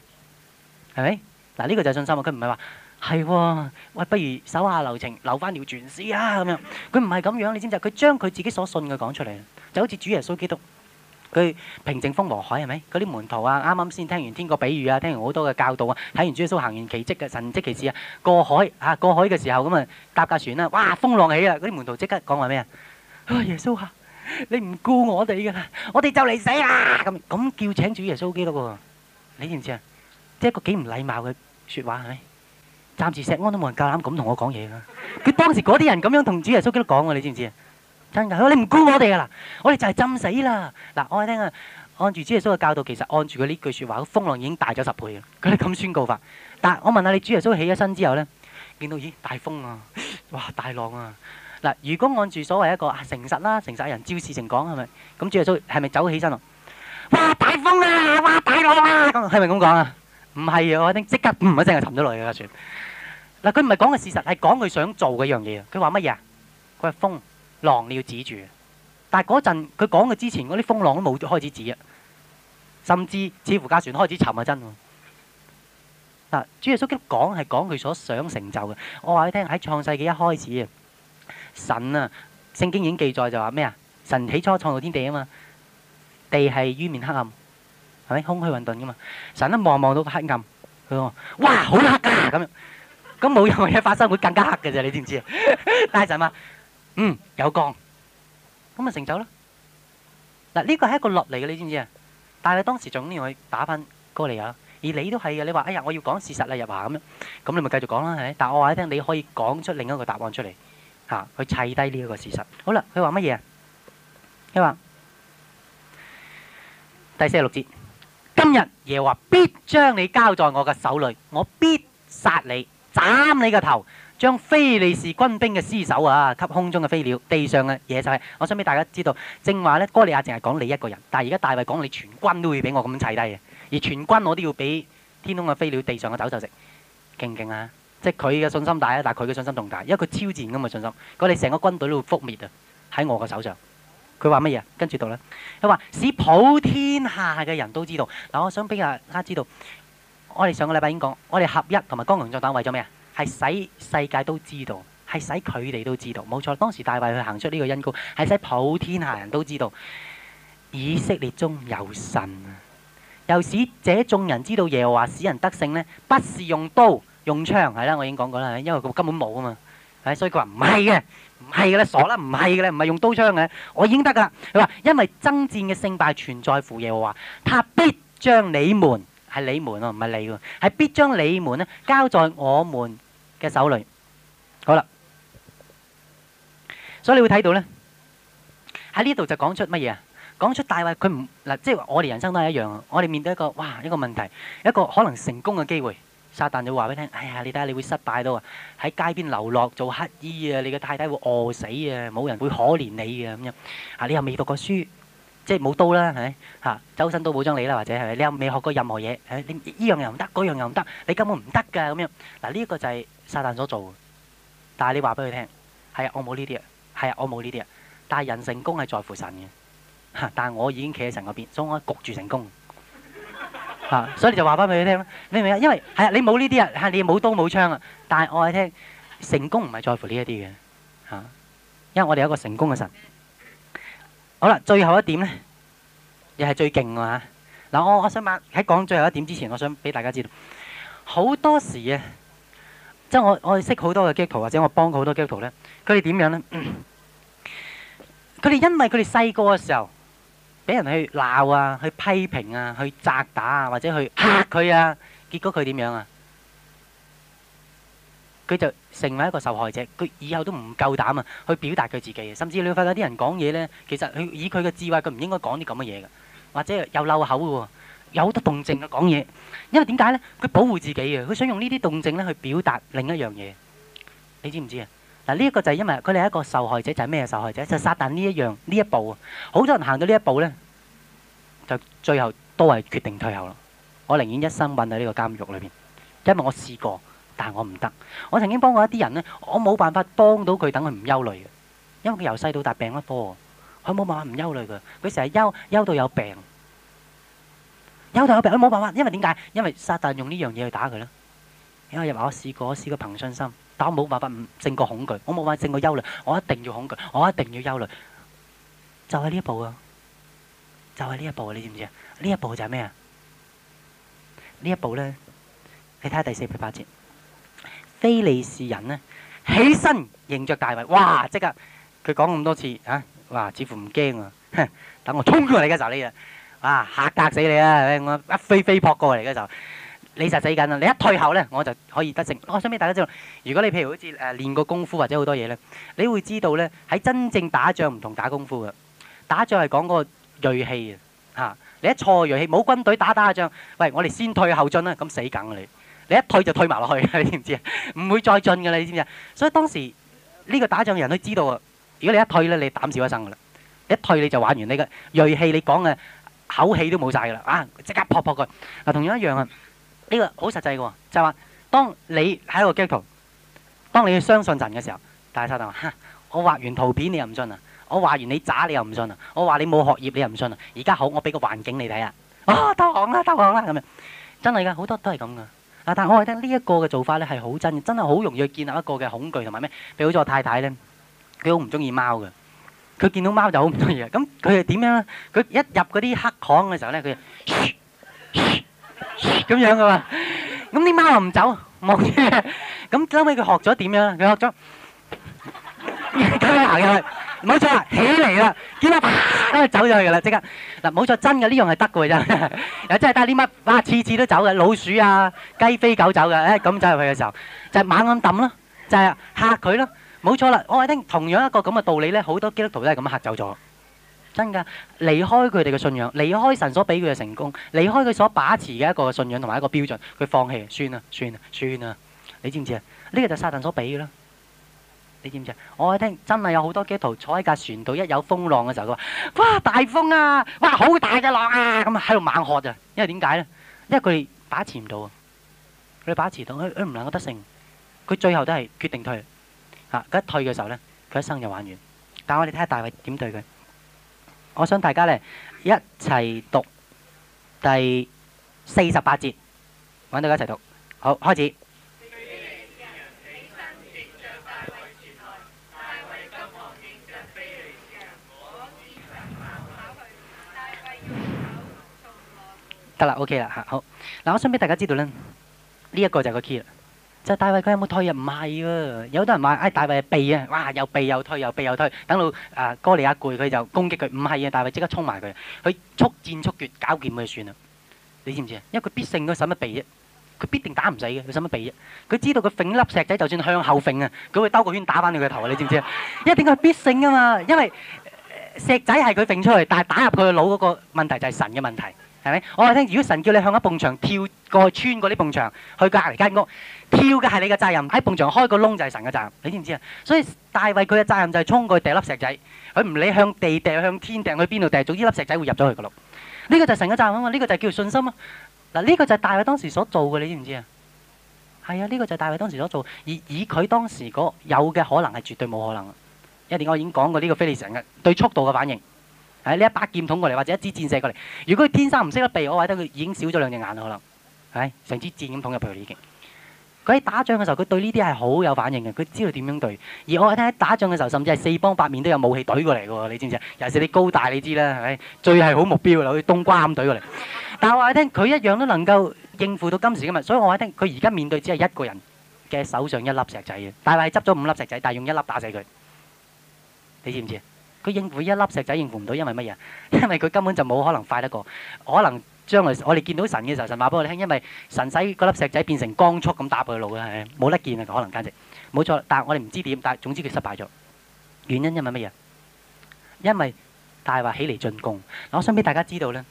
係咪？嗱，呢個就係信心啊！佢唔係話。係喎，喂，不如手下留情，留翻條全屍啊！咁樣佢唔係咁樣，你知唔知啊？佢將佢自己所信嘅講出嚟，就好似主耶穌基督，佢平靜風和海係咪？嗰啲門徒啊，啱啱先聽完天國比喻啊，聽完好多嘅教導啊，睇完主耶穌行完奇蹟嘅神蹟奇事啊，過海啊，過海嘅時候咁啊，搭架船啦，哇，風浪起啦，嗰啲門徒即刻講話咩啊？耶穌啊，你唔顧我哋㗎，我哋就嚟死啦！咁咁叫請主耶穌基督喎，你知唔知啊？即係一個幾唔禮貌嘅説話係咪？暫時石安都冇人夠膽咁同我講嘢㗎。佢當時嗰啲人咁樣同主耶穌都講喎，你知唔知啊？真㗎，你唔顧我哋㗎啦，我哋就係浸死啦。嗱，我哋聽啊，按住主耶穌嘅教導，其實按住佢呢句説話，風浪已經大咗十倍啊。佢哋咁宣告法。但係我問下你，主耶穌起咗身之後咧，見到咦大風啊，哇大浪啊。嗱，如果按住所謂一個啊誠實啦，誠實人照事情講係咪？咁主耶穌係咪走起身啊？哇大風啊，哇大浪啊，咁係咪咁講啊？唔係，我聽即刻唔一聲就沉咗落去啦算。嗱，佢唔係講嘅事實，係講佢想做嘅一樣嘢。佢話乜嘢啊？佢話風浪你要止住，但係嗰陣佢講嘅之前嗰啲風浪都冇開始止啊，甚至似乎架船開始沉的啊！真嗱，主耶穌講係講佢所想成就嘅。我話你聽喺創世記一開始，神啊，聖經已經記載就話咩啊？神起初創造天地啊嘛，地係淵面黑暗，係咪空虛混沌嘅嘛？神一、啊、望望到黑暗，佢話：哇，好黑架咁樣。咁冇任何嘢發生，會更加黑嘅啫。你知唔知啊？大神啊，嗯有光，咁咪成就啦嗱。呢個係一個落嚟嘅，你知唔知啊？但係當時仲呢樣去打翻歌利亞啊。而你都係嘅，你話哎呀，我要講事實啊，入話咁樣咁，你咪繼續講啦。係，但係我話你聽，你可以講出另一個答案出嚟嚇，去砌低呢一個事實。好啦，佢話乜嘢啊？佢話第四十六節，今日耶和華必將你交在我嘅手裏，我必殺你。斬你個頭，將非利士軍兵嘅屍首啊，給空中嘅飛鳥，地上嘅野獸。我想俾大家知道，正話咧，歌利亞淨係講你一個人，但係而家大衛講你全軍都會俾我咁砌低嘅，而全軍我都要俾天空嘅飛鳥，地上嘅走獸食。勁唔勁啊？即係佢嘅信心大啊，但係佢嘅信心仲大，因為佢超自然咁嘅信心。佢哋成個軍隊都會覆滅啊，喺我嘅手上。佢話乜嘢？跟住讀啦。佢話使普天下嘅人都知道。嗱、啊，我想俾大家知道。我哋上個禮拜已經講，我哋合一同埋光榮作黨為咗咩啊？係使世界都知道，係使佢哋都知道，冇錯。當時大衛去行出呢個因故，係使普天下人都知道以色列中有神啊！又使這眾人知道耶和華使人得勝呢，不是用刀用槍，係啦，我已經講過啦，因為佢根本冇啊嘛，係所以佢話唔係嘅，唔係嘅啦，傻啦，唔係嘅啦，唔係用刀槍嘅，我已經得噶啦。佢話因為爭戰嘅勝敗全在乎耶和華，他必將你們。係你們哦，唔係你喎，係必將你們咧交在我們嘅手裏。好啦，所以你會睇到咧，喺呢度就講出乜嘢啊？講出大話，佢唔嗱，即係我哋人生都係一樣，我哋面對一個哇一個問題，一個可能成功嘅機會，撒旦就話俾你聽，哎呀，你睇下你會失敗到啊！喺街邊流落做乞兒啊，你嘅太太會餓死啊，冇人會可憐你嘅咁樣啊，你又未讀過書。即係冇刀啦，係咪嚇？周身都冇槍你啦，或者係咪？你又未學過任何嘢，係你依樣又唔得，嗰樣又唔得，你根本唔得㗎咁樣。嗱，呢一個就係撒旦所做，但係你話俾佢聽，係啊，我冇呢啲啊，係啊，我冇呢啲啊。但係人成功係在乎神嘅，嚇！但係我已經企喺神嗰邊，所以我焗住成功。嚇！所以你就話翻俾佢聽啦，你明唔明啊？因為係啊，你冇呢啲啊，嚇！你冇刀冇槍啊。但係我係聽成功唔係在乎呢一啲嘅嚇，因為我哋有個成功嘅神。好啦，最後一點咧，又係最勁㗎。嗱，我我想問，喺講最後一點之前，我想俾大家知道，好多時啊，即係我我哋識好多嘅基督徒，或者我幫過好多基督徒咧，佢哋點樣咧？佢哋 (coughs) 因為佢哋細個嘅時候，俾人去鬧啊，去批評啊，去責打啊，或者去嚇佢啊，結果佢點樣啊？佢就成為一個受害者，佢以後都唔夠膽啊，去表達佢自己，甚至你會發覺啲人講嘢咧，其實佢以佢嘅智慧，佢唔應該講啲咁嘅嘢嘅，或者又漏口嘅喎，有好多動靜啊講嘢，因為點解咧？佢保護自己嘅，佢想用呢啲動靜咧去表達另一樣嘢，你知唔知啊？嗱，呢一個就係因為佢哋係一個受害者，就係咩受害者？就撒但呢一樣呢一步啊！好多人行到呢一步咧，就最後都係決定退後咯。我寧願一生困喺呢個監獄裏邊，因為我試過。但係我唔得，我曾經幫過一啲人咧，我冇辦法幫到佢，等佢唔憂慮嘅，因為佢由細到大病得多，佢冇辦法唔憂慮嘅，佢成日憂憂到有病，憂到有病，佢冇辦法，因為點解？因為撒旦用呢樣嘢去打佢啦。因為我試過，我試過憑信心，但我冇辦法勝過恐懼，我冇辦法勝過憂慮，我一定要恐懼，我一定要憂慮，就係呢一步啊！就係呢一步，你知唔知啊？呢一步就係咩啊？呢一步咧，你睇下第四百八節。非利士人咧起身迎著大衛，哇！即刻佢講咁多次嚇，哇！似乎唔驚啊，等我衝過嚟嘅時候你啊，哇！吓吓死你啦！我一飛飛撲過嚟嘅時候你實死緊啦！你一退後咧，我就可以得勝。我想俾大家知道，如果你譬如好似誒練過功夫或者好多嘢咧，你會知道咧，喺真正打仗唔同打功夫噶，打仗係講嗰個銳氣啊！你一錯銳氣，冇軍隊打打下仗，喂，我哋先退後進啦，咁死梗啊你。你一退就退埋落去，你知唔知啊？唔 (laughs) 會再進噶啦，你知唔知啊？所以當時呢、呢個打仗嘅人都知道，啊。如果你一退咧，你就膽小一生噶啦。一退你就玩完，你嘅銳氣、你講嘅口氣都冇晒噶啦。啊，即刻撲撲佢。嗱、啊，同樣一樣啊。呢、呢個好實際嘅、哦，就話、係、當你喺個 g a 圖，當你相信神嘅時候，大家稍等我畫完圖片你又唔信啊？我畫完你渣你又唔信啊？我話你冇學業你又唔信啊？而家好，我俾個環境你睇啊。哦、啊，投降啦、啊，投降啦，咁樣。真係噶，好多都係咁噶。啊！但我覺得呢一個嘅做法咧，係好真，真係好容易去建立一個嘅恐懼同埋咩？譬如好似我太太咧，佢好唔中意貓嘅，佢見到貓就好唔中意啊。咁佢係點樣咧？佢一入嗰啲黑巷嘅時候咧，佢就噉樣嘅嘛。咁啲貓又唔走，望住。咁後尾佢學咗點樣咧？佢學咗。咁樣行入去，冇錯啦，起嚟啦，見佢啪啊走咗去噶啦，即刻嗱，冇錯，真嘅呢樣係得嘅真，又真係得，呢乜哇，次次都走嘅，老鼠啊，雞飛狗走嘅，誒咁走入去嘅時候，就猛咁抌咯，就係嚇佢咯，冇錯啦，我哋聽同樣一個咁嘅道理咧，好多基督徒都係咁樣嚇走咗，真噶，離開佢哋嘅信仰，離開神所俾佢嘅成功，離開佢所把持嘅一個信仰同埋一個標準，佢放棄，算啦，算啦，算啦，你知唔知啊？呢個就撒旦所俾嘅啦。你知唔知？我聽真係有好多基督徒坐喺架船度，一有風浪嘅時候，佢話：哇，大風啊！哇，好大嘅浪啊！咁啊，喺度猛喝就。因為點解咧？因為佢把持唔到啊！佢把持到，佢佢唔能夠得勝。佢最後都係決定退。嚇！佢一退嘅時候咧，佢一生就玩完。但係我哋睇下大衛點對佢。我想大家咧一齊讀第四十八節，揾到一齊讀。好，開始。啦，OK 啦嚇，好。嗱、嗯，我想俾大家知道咧，呢、這、一個就係個 key 啦。就大衛佢有冇退啊？唔係喎，有好多人話，哎，大衛避啊！哇，又避又退，又避又退。等到啊、呃、歌利亞攰，佢就攻擊佢。唔係啊，大衛即刻衝埋佢，佢速戰速決，搞掂佢就算啦。你知唔知啊？因為佢必勝，佢使乜避啫、啊？佢必定打唔死嘅，佢使乜避啫、啊？佢知道佢揈粒石仔，就算向後揈啊，佢會兜個圈打返你個頭啊！你知唔知啊？因為點解佢必勝啊嘛？因為石仔係佢揈出去，但係打入佢個腦嗰個問題就係神嘅問題。係咪？我話聽，如果神叫你向一埲牆跳過去穿過呢埲牆去隔籬間屋，跳嘅係你嘅責任；喺埲牆開個窿就係神嘅責任。你知唔知啊？所以大衛佢嘅責任就係衝過去掟粒石仔，佢唔理向地掟、向天掟、去邊度掟，總之呢粒石仔會入咗去個窿。呢個就係神嘅責任啊嘛！呢個就叫信心啊！嗱，呢個就係大衛當時所做嘅，你知唔知啊？係啊，呢個就係大衛當時所做，而以佢當時嗰、有嘅可能係絕對冇可能。一點我已經講過呢個非利士人嘅對速度嘅反應。係呢一把劍捅過嚟，或者一支箭射過嚟。如果佢天生唔識得避，我話你聽，佢已經少咗兩隻眼啦，可能係成支箭咁捅入佢已經。佢喺打仗嘅時候，佢對呢啲係好有反應嘅，佢知道點樣對。而我話你聽，喺打仗嘅時候，甚至係四方八面都有武器懟過嚟嘅喎，你知唔知啊？尤其是你高大，你知啦，係咪？最係好目標啦，好似冬瓜咁懟過嚟。但係我話你聽，佢一樣都能夠應付到今時今日，所以我話你聽，佢而家面對只係一個人嘅手上一粒石仔嘅。但係執咗五粒石仔，但係用一粒打死佢。你知唔知啊？佢應付一粒石仔，應付唔到，因為乜嘢？因為佢根本就冇可能快得過。可能將來我哋見到神嘅時候，神話俾我哋聽，因為神使嗰粒石仔變成光速咁打過佢路嘅，係冇得見嘅可能簡直。冇錯，但係我哋唔知點。但係總之佢失敗咗，原因因為乜嘢？因為大話起嚟進攻。我想俾大家知道咧，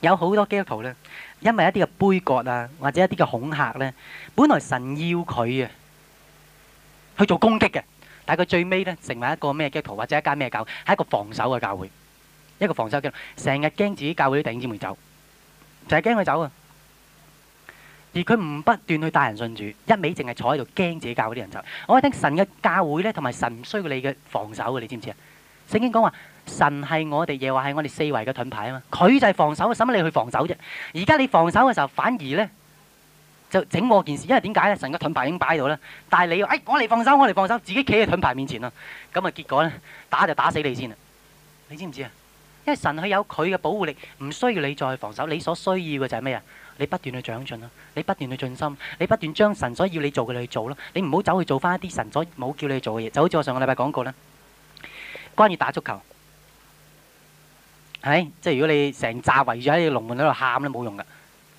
有好多基督徒咧，因為一啲嘅杯葛啊，或者一啲嘅恐嚇咧，本來神要佢啊去做攻擊嘅。但係佢最尾咧，成為一個咩機構，或者一間咩教，係一個防守嘅教會，一個防守嘅，成日驚自己教會啲弟兄姊妹走，成日驚佢走啊！而佢唔不斷去帶人信主，一味淨係坐喺度驚自己教會啲人走。我聽神嘅教會咧，同埋神唔需要你嘅防守嘅，你知唔知啊？聖經講話神係我哋，耶和華係我哋四圍嘅盾牌啊嘛，佢就係防守，使乜你去防守啫？而家你防守嘅時候，反而咧。就整我件事，因為點解咧？神嘅盾牌已經擺喺度啦，但係你又誒，我嚟防守，我嚟防守，自己企喺盾牌面前咯。咁啊，結果咧，打就打死你先啦。你知唔知啊？因為神佢有佢嘅保護力，唔需要你再防守。你所需要嘅就係咩啊？你不斷去長進咯，你不斷去盡心，你不斷將神所要你做嘅你去做咯。你唔好走去做翻一啲神所冇叫你去做嘅嘢。就好似我上個禮拜講過啦，關於打足球，係即係如果你成扎圍住喺龍門嗰度喊咧，冇用噶，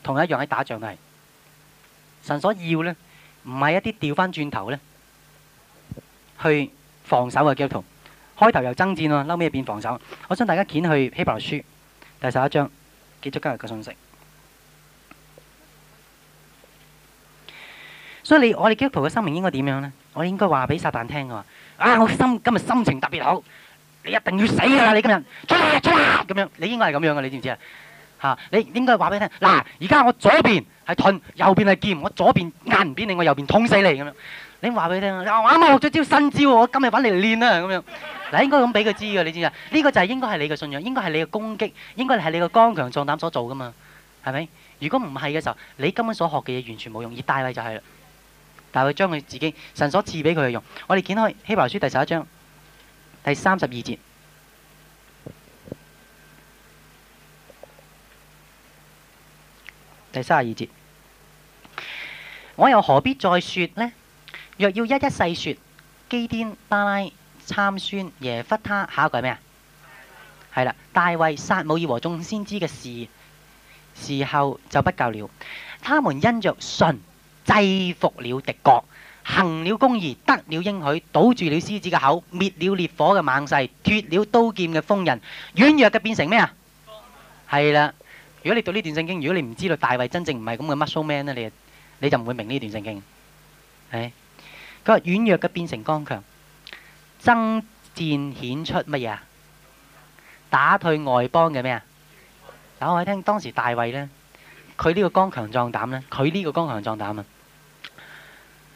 同一樣喺打仗都係。神所要咧，唔係一啲掉翻轉頭咧，去防守嘅基督徒，開頭又爭戰喎，嬲尾又變防守。我將大家攪去希伯來書第十一章，結束今日嘅信息。所以你我哋基督徒嘅生命應該點樣咧？我應該話俾撒但聽嘅話，啊，我心今日心情特別好，你一定要死㗎啦！你今日出嚟出嚟咁樣，你應該係咁樣嘅，你知唔知啊？嚇、啊！你應該話俾佢聽，嗱、啊，而家我左邊係盾，右邊係劍，我左邊壓唔扁你，令我右邊捅死你咁樣。你話俾佢聽，我啱啱學咗招新招，我今日揾你嚟練啊，咁樣。嗱、啊，應該咁俾佢知嘅，你知啊？呢、這個就係應該係你嘅信仰，應該係你嘅攻擊，應該係你嘅剛強壯膽所做噶嘛，係咪？如果唔係嘅時候，你根本所學嘅嘢完全冇用，而大衛就係啦。大衛將佢自己神所賜俾佢嘅用，我哋掀開希伯來書第十一章第三十二節。第三十二節，我又何必再說呢？若要一一細說，基甸、巴拉、參孫、耶弗他，下一句係咩啊？係啦，大衛、撒母耳和眾先知嘅事，時候就不夠了。他們因着信，制服了敵國，行了公義，得了應許，堵住了獅子嘅口，滅了烈火嘅猛勢，脱了刀劍嘅鋒刃，軟弱嘅變成咩啊？係啦。如果你讀呢段聖經，如果你唔知道大衛真正唔係咁嘅 muscle man 咧，你你就唔會明呢段聖經。係佢話軟弱嘅變成剛強，爭戰顯出乜嘢啊？打退外邦嘅咩啊？等我喺聽當時大衛咧，佢呢個剛強壯膽咧，佢呢個剛強壯膽啊，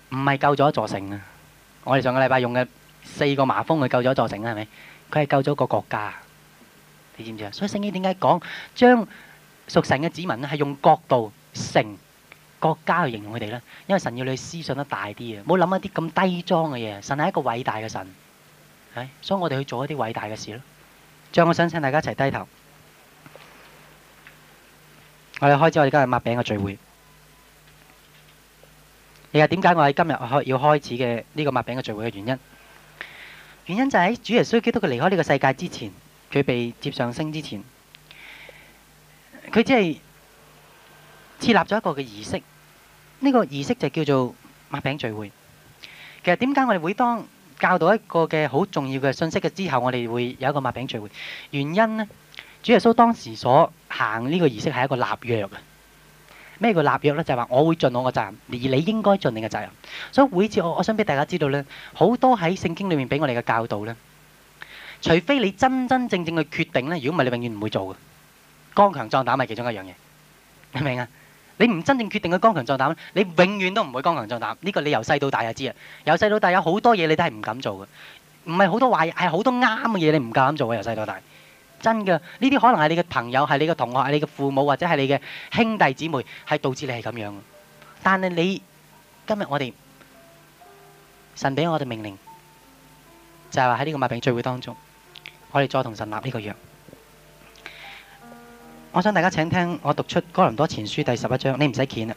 唔係救咗一座城啊！我哋上個禮拜用嘅四個痲瘋去救咗一座城啦，係咪？佢係救咗個國家，你知唔知啊？所以聖經點解講將？屬神嘅子民咧，係用國度、城、國家去形容佢哋咧，因為神要你思想得大啲嘅，唔好諗一啲咁低莊嘅嘢。神係一個偉大嘅神，係，所以我哋去做一啲偉大嘅事咯。將我想請大家一齊低頭。我哋開始我哋今日擘餅嘅聚會。而係點解我喺今日開要開始嘅呢個擘餅嘅聚會嘅原因？原因就喺主耶穌基督佢離開呢個世界之前，佢被接上升之前。佢只係設立咗一個嘅儀式，呢個儀式就叫做擘餅聚會。其實點解我哋會當教導一個嘅好重要嘅信息嘅之後，我哋會有一個擘餅聚會？原因呢，主耶穌當時所行呢個儀式係一個立約嘅。咩叫立約呢？就係話我會盡我嘅責任，而你應該盡你嘅責任。所以每次我我想俾大家知道呢，好多喺聖經裏面俾我哋嘅教導呢，除非你真真正正去決定呢，如果唔係你永遠唔會做嘅。剛強壯膽係其中一樣嘢，明唔明啊？你唔真正決定去剛強壯膽，你永遠都唔會剛強壯膽。呢個你由細到大就知啊，由細到大有好多嘢你都係唔敢做嘅，唔係好多壞，係好多啱嘅嘢你唔夠膽做嘅。由細到大，真嘅呢啲可能係你嘅朋友，係你嘅同學，係你嘅父母，或者係你嘅兄弟姊妹，係導致你係咁樣。但係你今日我哋神俾我哋命令，就係話喺呢個擘餅聚會當中，我哋再同神立呢個約。我想大家請聽我讀出《哥林多前書》第十一章，你唔使鉗啦，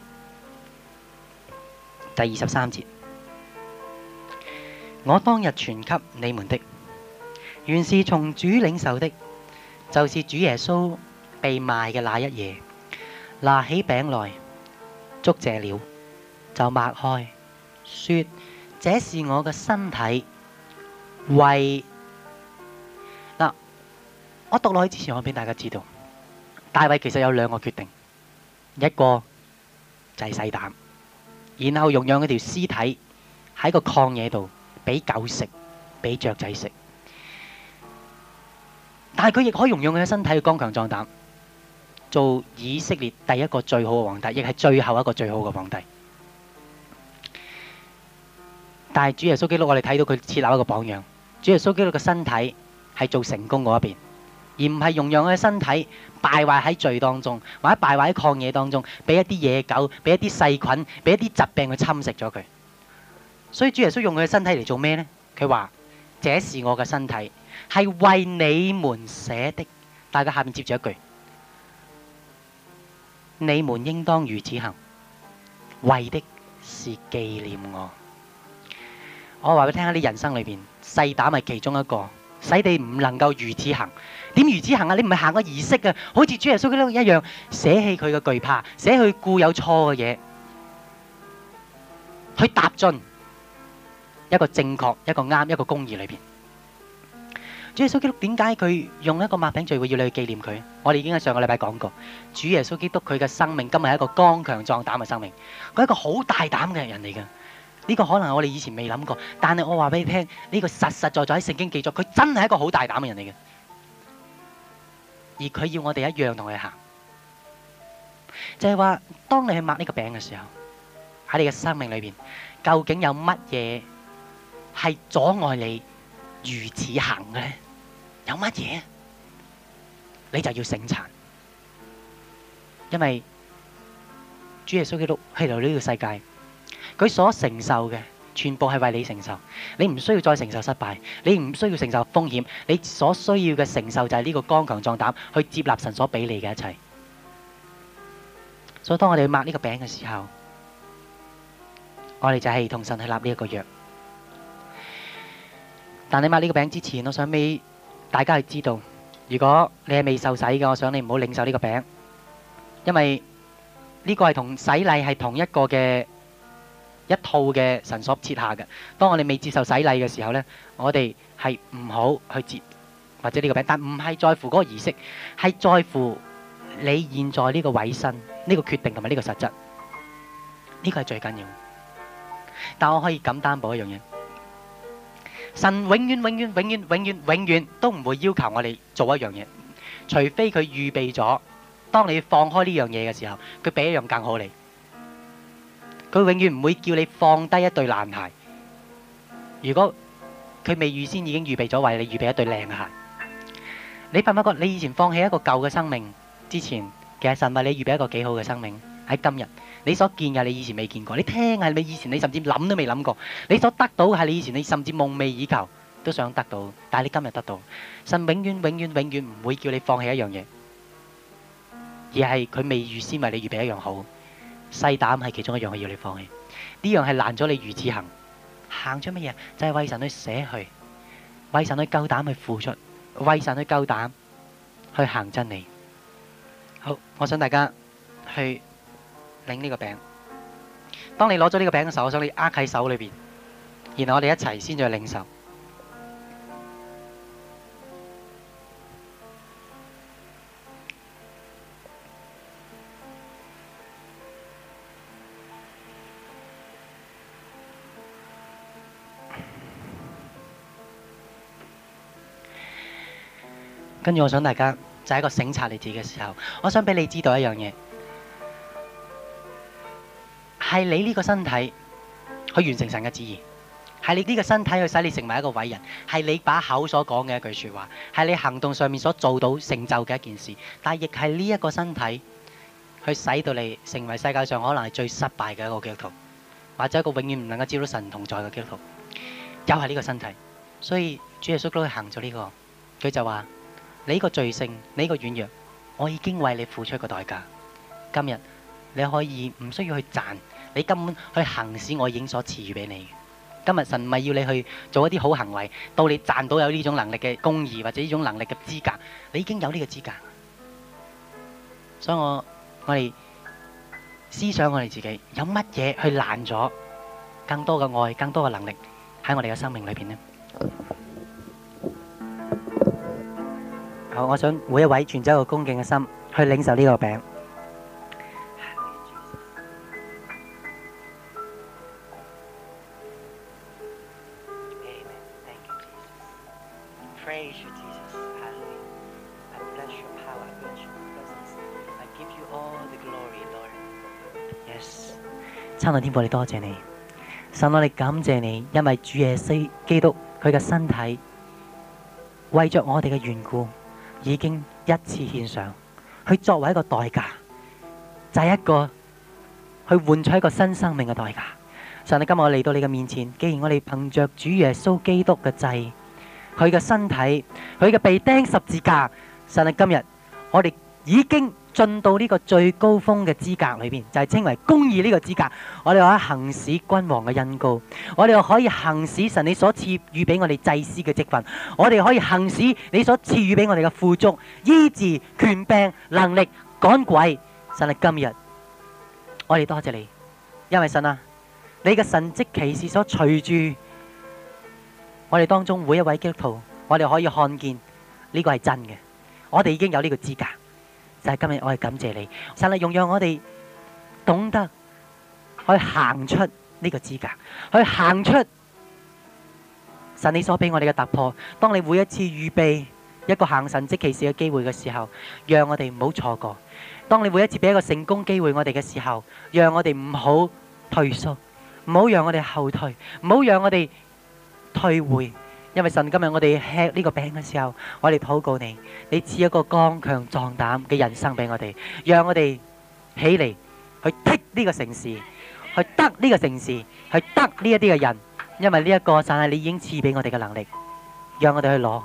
第二十三節。我當日傳給你們的，原是從主領受的，就是主耶穌被賣嘅那一夜，拿起餅來，祝謝了，就擘開，說：這是我嘅身體，為嗱，我讀落去之前，我俾大家知道。大衛其實有兩個決定，一個就係細膽，然後容讓一條屍體喺個曠野度，俾狗食，俾雀仔食。但係佢亦可以容讓佢嘅身體去剛強壯膽，做以色列第一個最好嘅皇帝，亦係最後一個最好嘅皇帝。但係主耶穌基督，我哋睇到佢設立一個榜樣。主耶穌基督嘅身體係做成功嗰一邊。而唔係容讓佢嘅身體敗壞喺罪當中，或者敗壞喺曠野當中，俾一啲野狗，俾一啲細菌，俾一啲疾病去侵蝕咗佢。所以主耶穌用佢嘅身體嚟做咩呢？佢話：這是我嘅身體，係為你們捨的。大家下面接住一句：你們應當如此行，為的是紀念我。我話俾你聽啊！啲人生裏邊，細膽係其中一個，使你唔能夠如此行。點如此行啊？你唔係行個儀式嘅，好似主耶穌基督一樣，捨棄佢嘅懼怕，捨去固有錯嘅嘢，去踏進一個正確、一個啱、一個公義裏邊。主耶穌基督點解佢用一個擘餅聚會，要你去紀念佢？我哋已經喺上個禮拜講過，主耶穌基督佢嘅生命今日係一個剛強、壯膽嘅生命。佢係一個好大膽嘅人嚟嘅，呢個可能我哋以前未諗過，但係我話俾你聽，呢個實實在在喺聖經記載，佢真係一個好大膽嘅人嚟嘅。而佢要我哋一樣同佢行，就係話：當你去抹呢個餅嘅時候，喺你嘅生命裏邊，究竟有乜嘢係阻礙你如此行嘅咧？有乜嘢？你就要聖殘，因為主耶穌基督去到呢個世界，佢所承受嘅。全部係為你承受，你唔需要再承受失敗，你唔需要承受風險，你所需要嘅承受就係呢個剛強壯膽去接納神所俾你嘅一切。所以當我哋去抹呢個餅嘅時候，我哋就係同神去立呢一個約。但你抹呢個餅之前，我想俾大家去知道，如果你係未受洗嘅，我想你唔好領受呢個餅，因為呢個係同洗禮係同一個嘅。一套嘅神所設下嘅。當我哋未接受洗禮嘅時候咧，我哋係唔好去接或者呢個餅。但唔係在乎嗰個儀式，係在乎你現在呢個委身、呢個決定同埋呢個實質。呢個係最緊要。但我可以咁擔保一樣嘢，神永遠、永遠、永遠、永遠、永遠都唔會要求我哋做一樣嘢，除非佢預備咗，當你放開呢樣嘢嘅時候，佢俾一樣更好你。佢永遠唔會叫你放低一對爛鞋。如果佢未預先已經預備咗，為你預備一對靚嘅鞋。你發唔發覺，你以前放棄一個舊嘅生命之前，其實神為你預備一個幾好嘅生命。喺今日，你所見嘅你以前未見過，你聽係你以前你甚至諗都未諗過，你所得到係你以前你甚至夢寐以求都想得到，但係你今日得到。神永遠永遠永遠唔會叫你放棄一樣嘢，而係佢未預先為你預備一樣好。細膽係其中一樣，我要你放棄。呢樣係攔咗你如此行，行出乜嘢就係、是、為神去捨去，為神去夠膽去付出，為神去夠膽去行真理。好，我想大家去領呢個餅。當你攞咗呢個餅嘅時候，我想你握喺手裏邊，然後我哋一齊先再去領受。跟住，我想大家就係、是、一個醒察你自己嘅時候，我想俾你知道一樣嘢，係你呢個身體去完成神嘅旨意，係你呢個身體去使你成為一個偉人，係你把口所講嘅一句說話，係你行動上面所做到成就嘅一件事。但亦係呢一個身體去使到你成為世界上可能係最失敗嘅一個基督徒，或者一個永遠唔能夠知到神同在嘅基督徒，又係呢個身體。所以主耶穌都行咗呢、這個，佢就話。你這個罪性，你這個軟弱，我已經為你付出一個代價。今日你可以唔需要去賺，你根本去行使我已經所賜予俾你。今日神唔係要你去做一啲好行為，到你賺到有呢種能力嘅公義或者呢種能力嘅資格，你已經有呢個資格。所以我我哋思想我哋自己有乜嘢去攔咗更多嘅愛、更多嘅能力喺我哋嘅生命裏邊呢？我想每一位傳走一個恭敬嘅心去領受呢個餅。Yes，差唔多天父，你多謝你，神啊，我哋感謝你，因為主耶穌基督佢嘅身體為著我哋嘅緣故。已經一次獻上，去作為一個代價，就係一個去換取一個新生命嘅代價。上帝，今日我嚟到你嘅面前，既然我哋憑着主耶穌基督嘅祭，佢嘅身體，佢嘅被釘十字架，上帝，今日我哋已經。進到呢個最高峰嘅資格裏邊，就係稱為公義呢個資格。我哋可以行使君王嘅恩膏，我哋又可以行使神你所賜予俾我哋祭司嘅職分。我哋可以行使你所賜予俾我哋嘅富足、醫治、權柄、能力、趕鬼。神力今日我哋多謝你，因為神啊，你嘅神蹟奇事所隨住我哋當中每一位基督徒，我哋可以看見呢個係真嘅，我哋已經有呢個資格。但係今日我係感謝你，神啊，容讓我哋懂得去行出呢個資格，去行出神你所俾我哋嘅突破。當你每一次預備一個行神蹟奇事嘅機會嘅時候，讓我哋唔好錯過；當你每一次俾一個成功機會我哋嘅時候，讓我哋唔好退縮，唔好讓我哋後退，唔好讓我哋退回。因為神今日我哋吃呢個餅嘅時候，我哋禱告你，你賜一個剛強壯膽嘅人生俾我哋，讓我哋起嚟，去剔呢個城市，去得呢個城市，去得呢一啲嘅人，因為呢一個神係你已經賜俾我哋嘅能力，讓我哋去攞，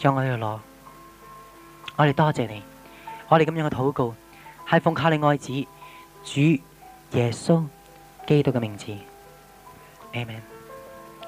讓我哋去攞，我哋多謝你，我哋咁樣嘅禱告，係奉靠你愛子主耶穌基督嘅名字，阿門。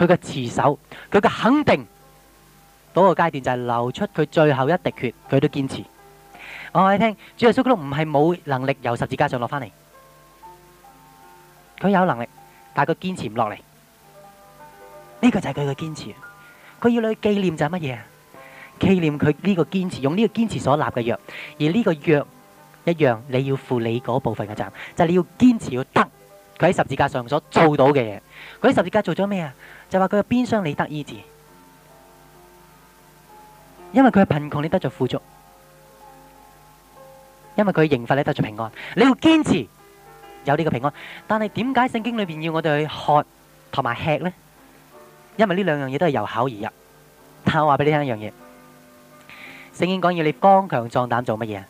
佢嘅持守，佢嘅肯定，嗰個階段就係流出佢最後一滴血，佢都堅持。我話你聽，主耶穌基督唔係冇能力由十字架上落翻嚟，佢有能力，但係佢堅持唔落嚟。呢個就係佢嘅堅持。佢要你去紀念就係乜嘢？紀念佢呢個堅持，用呢個堅持所立嘅約。而呢個約一樣，你要負你嗰部分嘅責任，就係你要堅持要得佢喺十字架上所做到嘅嘢。佢喺十字架做咗咩啊？就話佢嘅鞭傷你得醫治，因為佢係貧窮，你得着富足；因為佢刑罰，你得着平安。你要堅持有呢個平安，但係點解聖經裏邊要我哋去喝同埋吃呢？因為呢兩樣嘢都係由口而入。但我話俾你聽一樣嘢，聖經講要你剛強壯膽做乜嘢啊？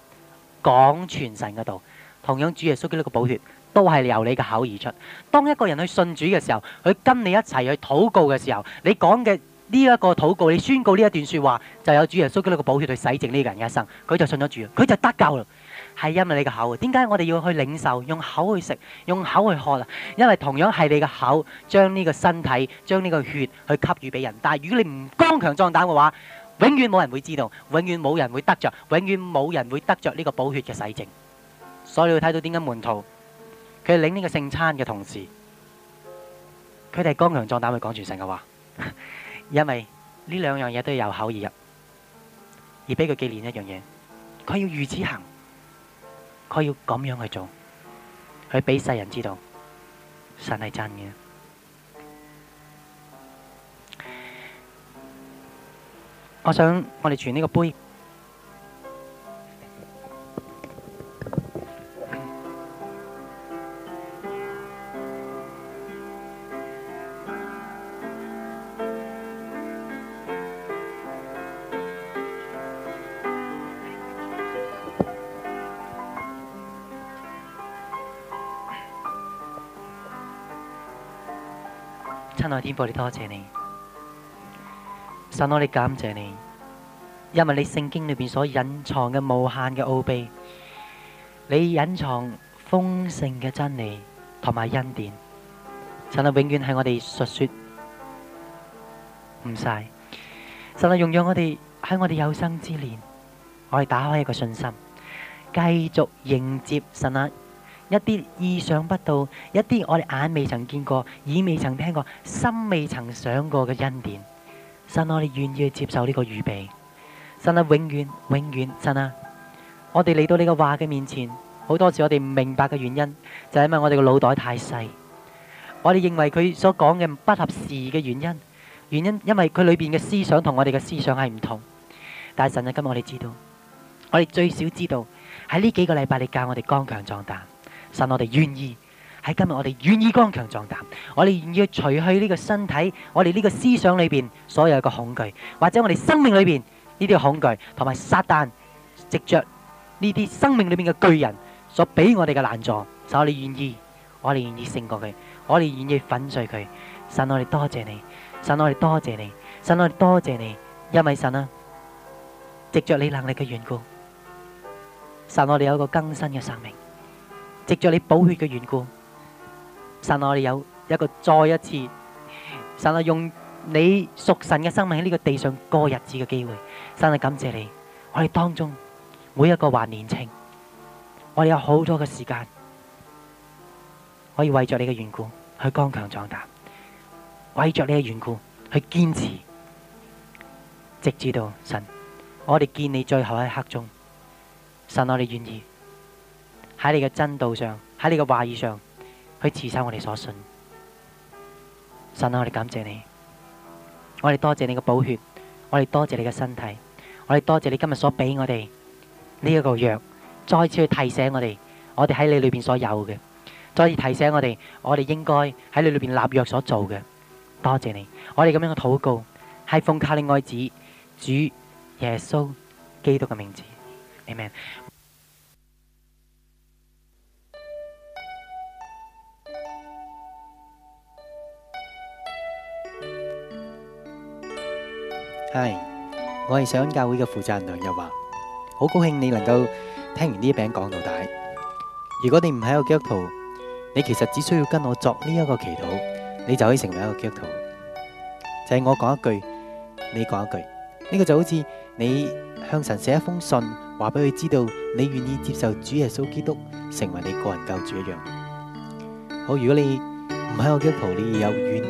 講全神嘅道，同樣主耶穌基督嘅寶血。都係由你嘅口而出。當一個人去信主嘅時候，佢跟你一齊去禱告嘅時候，你講嘅呢一個禱告，你宣告呢一段說話，就有主耶穌嘅呢個寶血去洗淨呢個人嘅一生。佢就信咗主，佢就得救啦。係因為你嘅口。點解我哋要去領受，用口去食，用口去喝？因為同樣係你嘅口將呢個身體、將呢個血去給予俾人。但係如果你唔剛強壯膽嘅話，永遠冇人會知道，永遠冇人會得着，永遠冇人會得着呢個寶血嘅洗淨。所以你會睇到點解門徒？佢領呢個聖餐嘅同時，佢哋剛強壯膽去講全神嘅話，因為呢兩樣嘢都要由口而入，而俾佢紀念一樣嘢，佢要如此行，佢要咁樣去做，佢俾世人知道，神係真嘅。我想我哋傳呢個杯。天父，我哋多謝你，神我哋感謝你，因為你聖經裏邊所隱藏嘅無限嘅奧秘，你隱藏豐盛嘅真理同埋恩典，神啊，永遠係我哋述說唔晒，神啊，容讓我哋喺我哋有生之年，我哋打開一個信心，繼續迎接神一啲意想不到，一啲我哋眼未曾見過、耳未曾聽過、心未曾想過嘅恩典，神啊，我哋願意去接受呢個預備。神啊，永遠永遠，神啊，我哋嚟到你嘅話嘅面前，好多時我哋唔明白嘅原因，就係、是、因為我哋個腦袋太細，我哋認為佢所講嘅不合時嘅原因，原因因為佢裏邊嘅思想同我哋嘅思想係唔同。但係神啊，今日我哋知道，我哋最少知道喺呢幾個禮拜，你教我哋剛強壯膽。神，我哋願意喺今日，我哋願意剛強壯膽，我哋願意除去呢個身體，我哋呢個思想裏邊所有嘅恐懼，或者我哋生命裏邊呢啲恐懼，同埋撒旦、藉着呢啲生命裏邊嘅巨人所俾我哋嘅攔阻，神，我哋願意，我哋願意勝過佢，我哋願意粉碎佢。神，我哋多謝你，神，我哋多謝你，神，我哋多謝你，因為神啊，藉着你能力嘅緣故，神，我哋有一個更新嘅生命。藉着你寶血嘅緣故，神啊，我哋有一個再一次，神啊，用你屬神嘅生命喺呢個地上過日子嘅機會，神啊，感謝你，我哋當中每一個還年青，我哋有好多嘅時間可以為着你嘅緣故去剛強壯膽，為着你嘅緣故去堅持，直至到神，我哋見你最後一刻鐘，神，我哋願意。喺你嘅真道上，喺你嘅話語上，去賜出我哋所信。神啊，我哋感謝你，我哋多謝你嘅補血，我哋多謝你嘅身體，我哋多謝你今日所俾我哋呢一個約，再次去提醒我哋，我哋喺你裏邊所有嘅，再次提醒我哋，我哋應該喺你裏邊立約所做嘅。多謝你，我哋咁樣嘅禱告，係奉靠你愛子主耶穌基督嘅名字，阿門。嗨，我係上教會嘅負責人梁日華，好高興你能夠聽完呢一篇講道。如果你唔喺個基督徒，你其實只需要跟我作呢一個祈禱，你就可以成為一個基督徒。就係、是、我講一句，你講一句，呢、這個就好似你向神寫一封信，話俾佢知道你願意接受主耶穌基督成為你個人救主一樣。好，如果你唔喺個基督徒，你有願。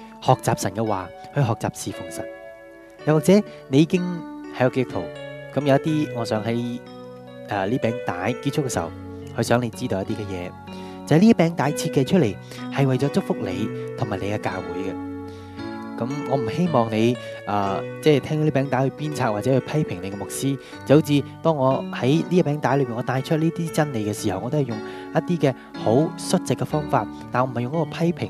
學習神嘅話，去學習侍奉神。又或者你已經喺個基督徒，咁有一啲，我想喺誒呢餅帶結束嘅時候，去想你知道一啲嘅嘢，就係呢一餅帶設計出嚟係為咗祝福你同埋你嘅教會嘅。咁我唔希望你誒即係聽到呢餅帶去鞭策或者去批評你嘅牧師，就好似當我喺呢一餅帶裏邊，我帶出呢啲真理嘅時候，我都係用一啲嘅好率直嘅方法，但係我唔係用嗰個批評。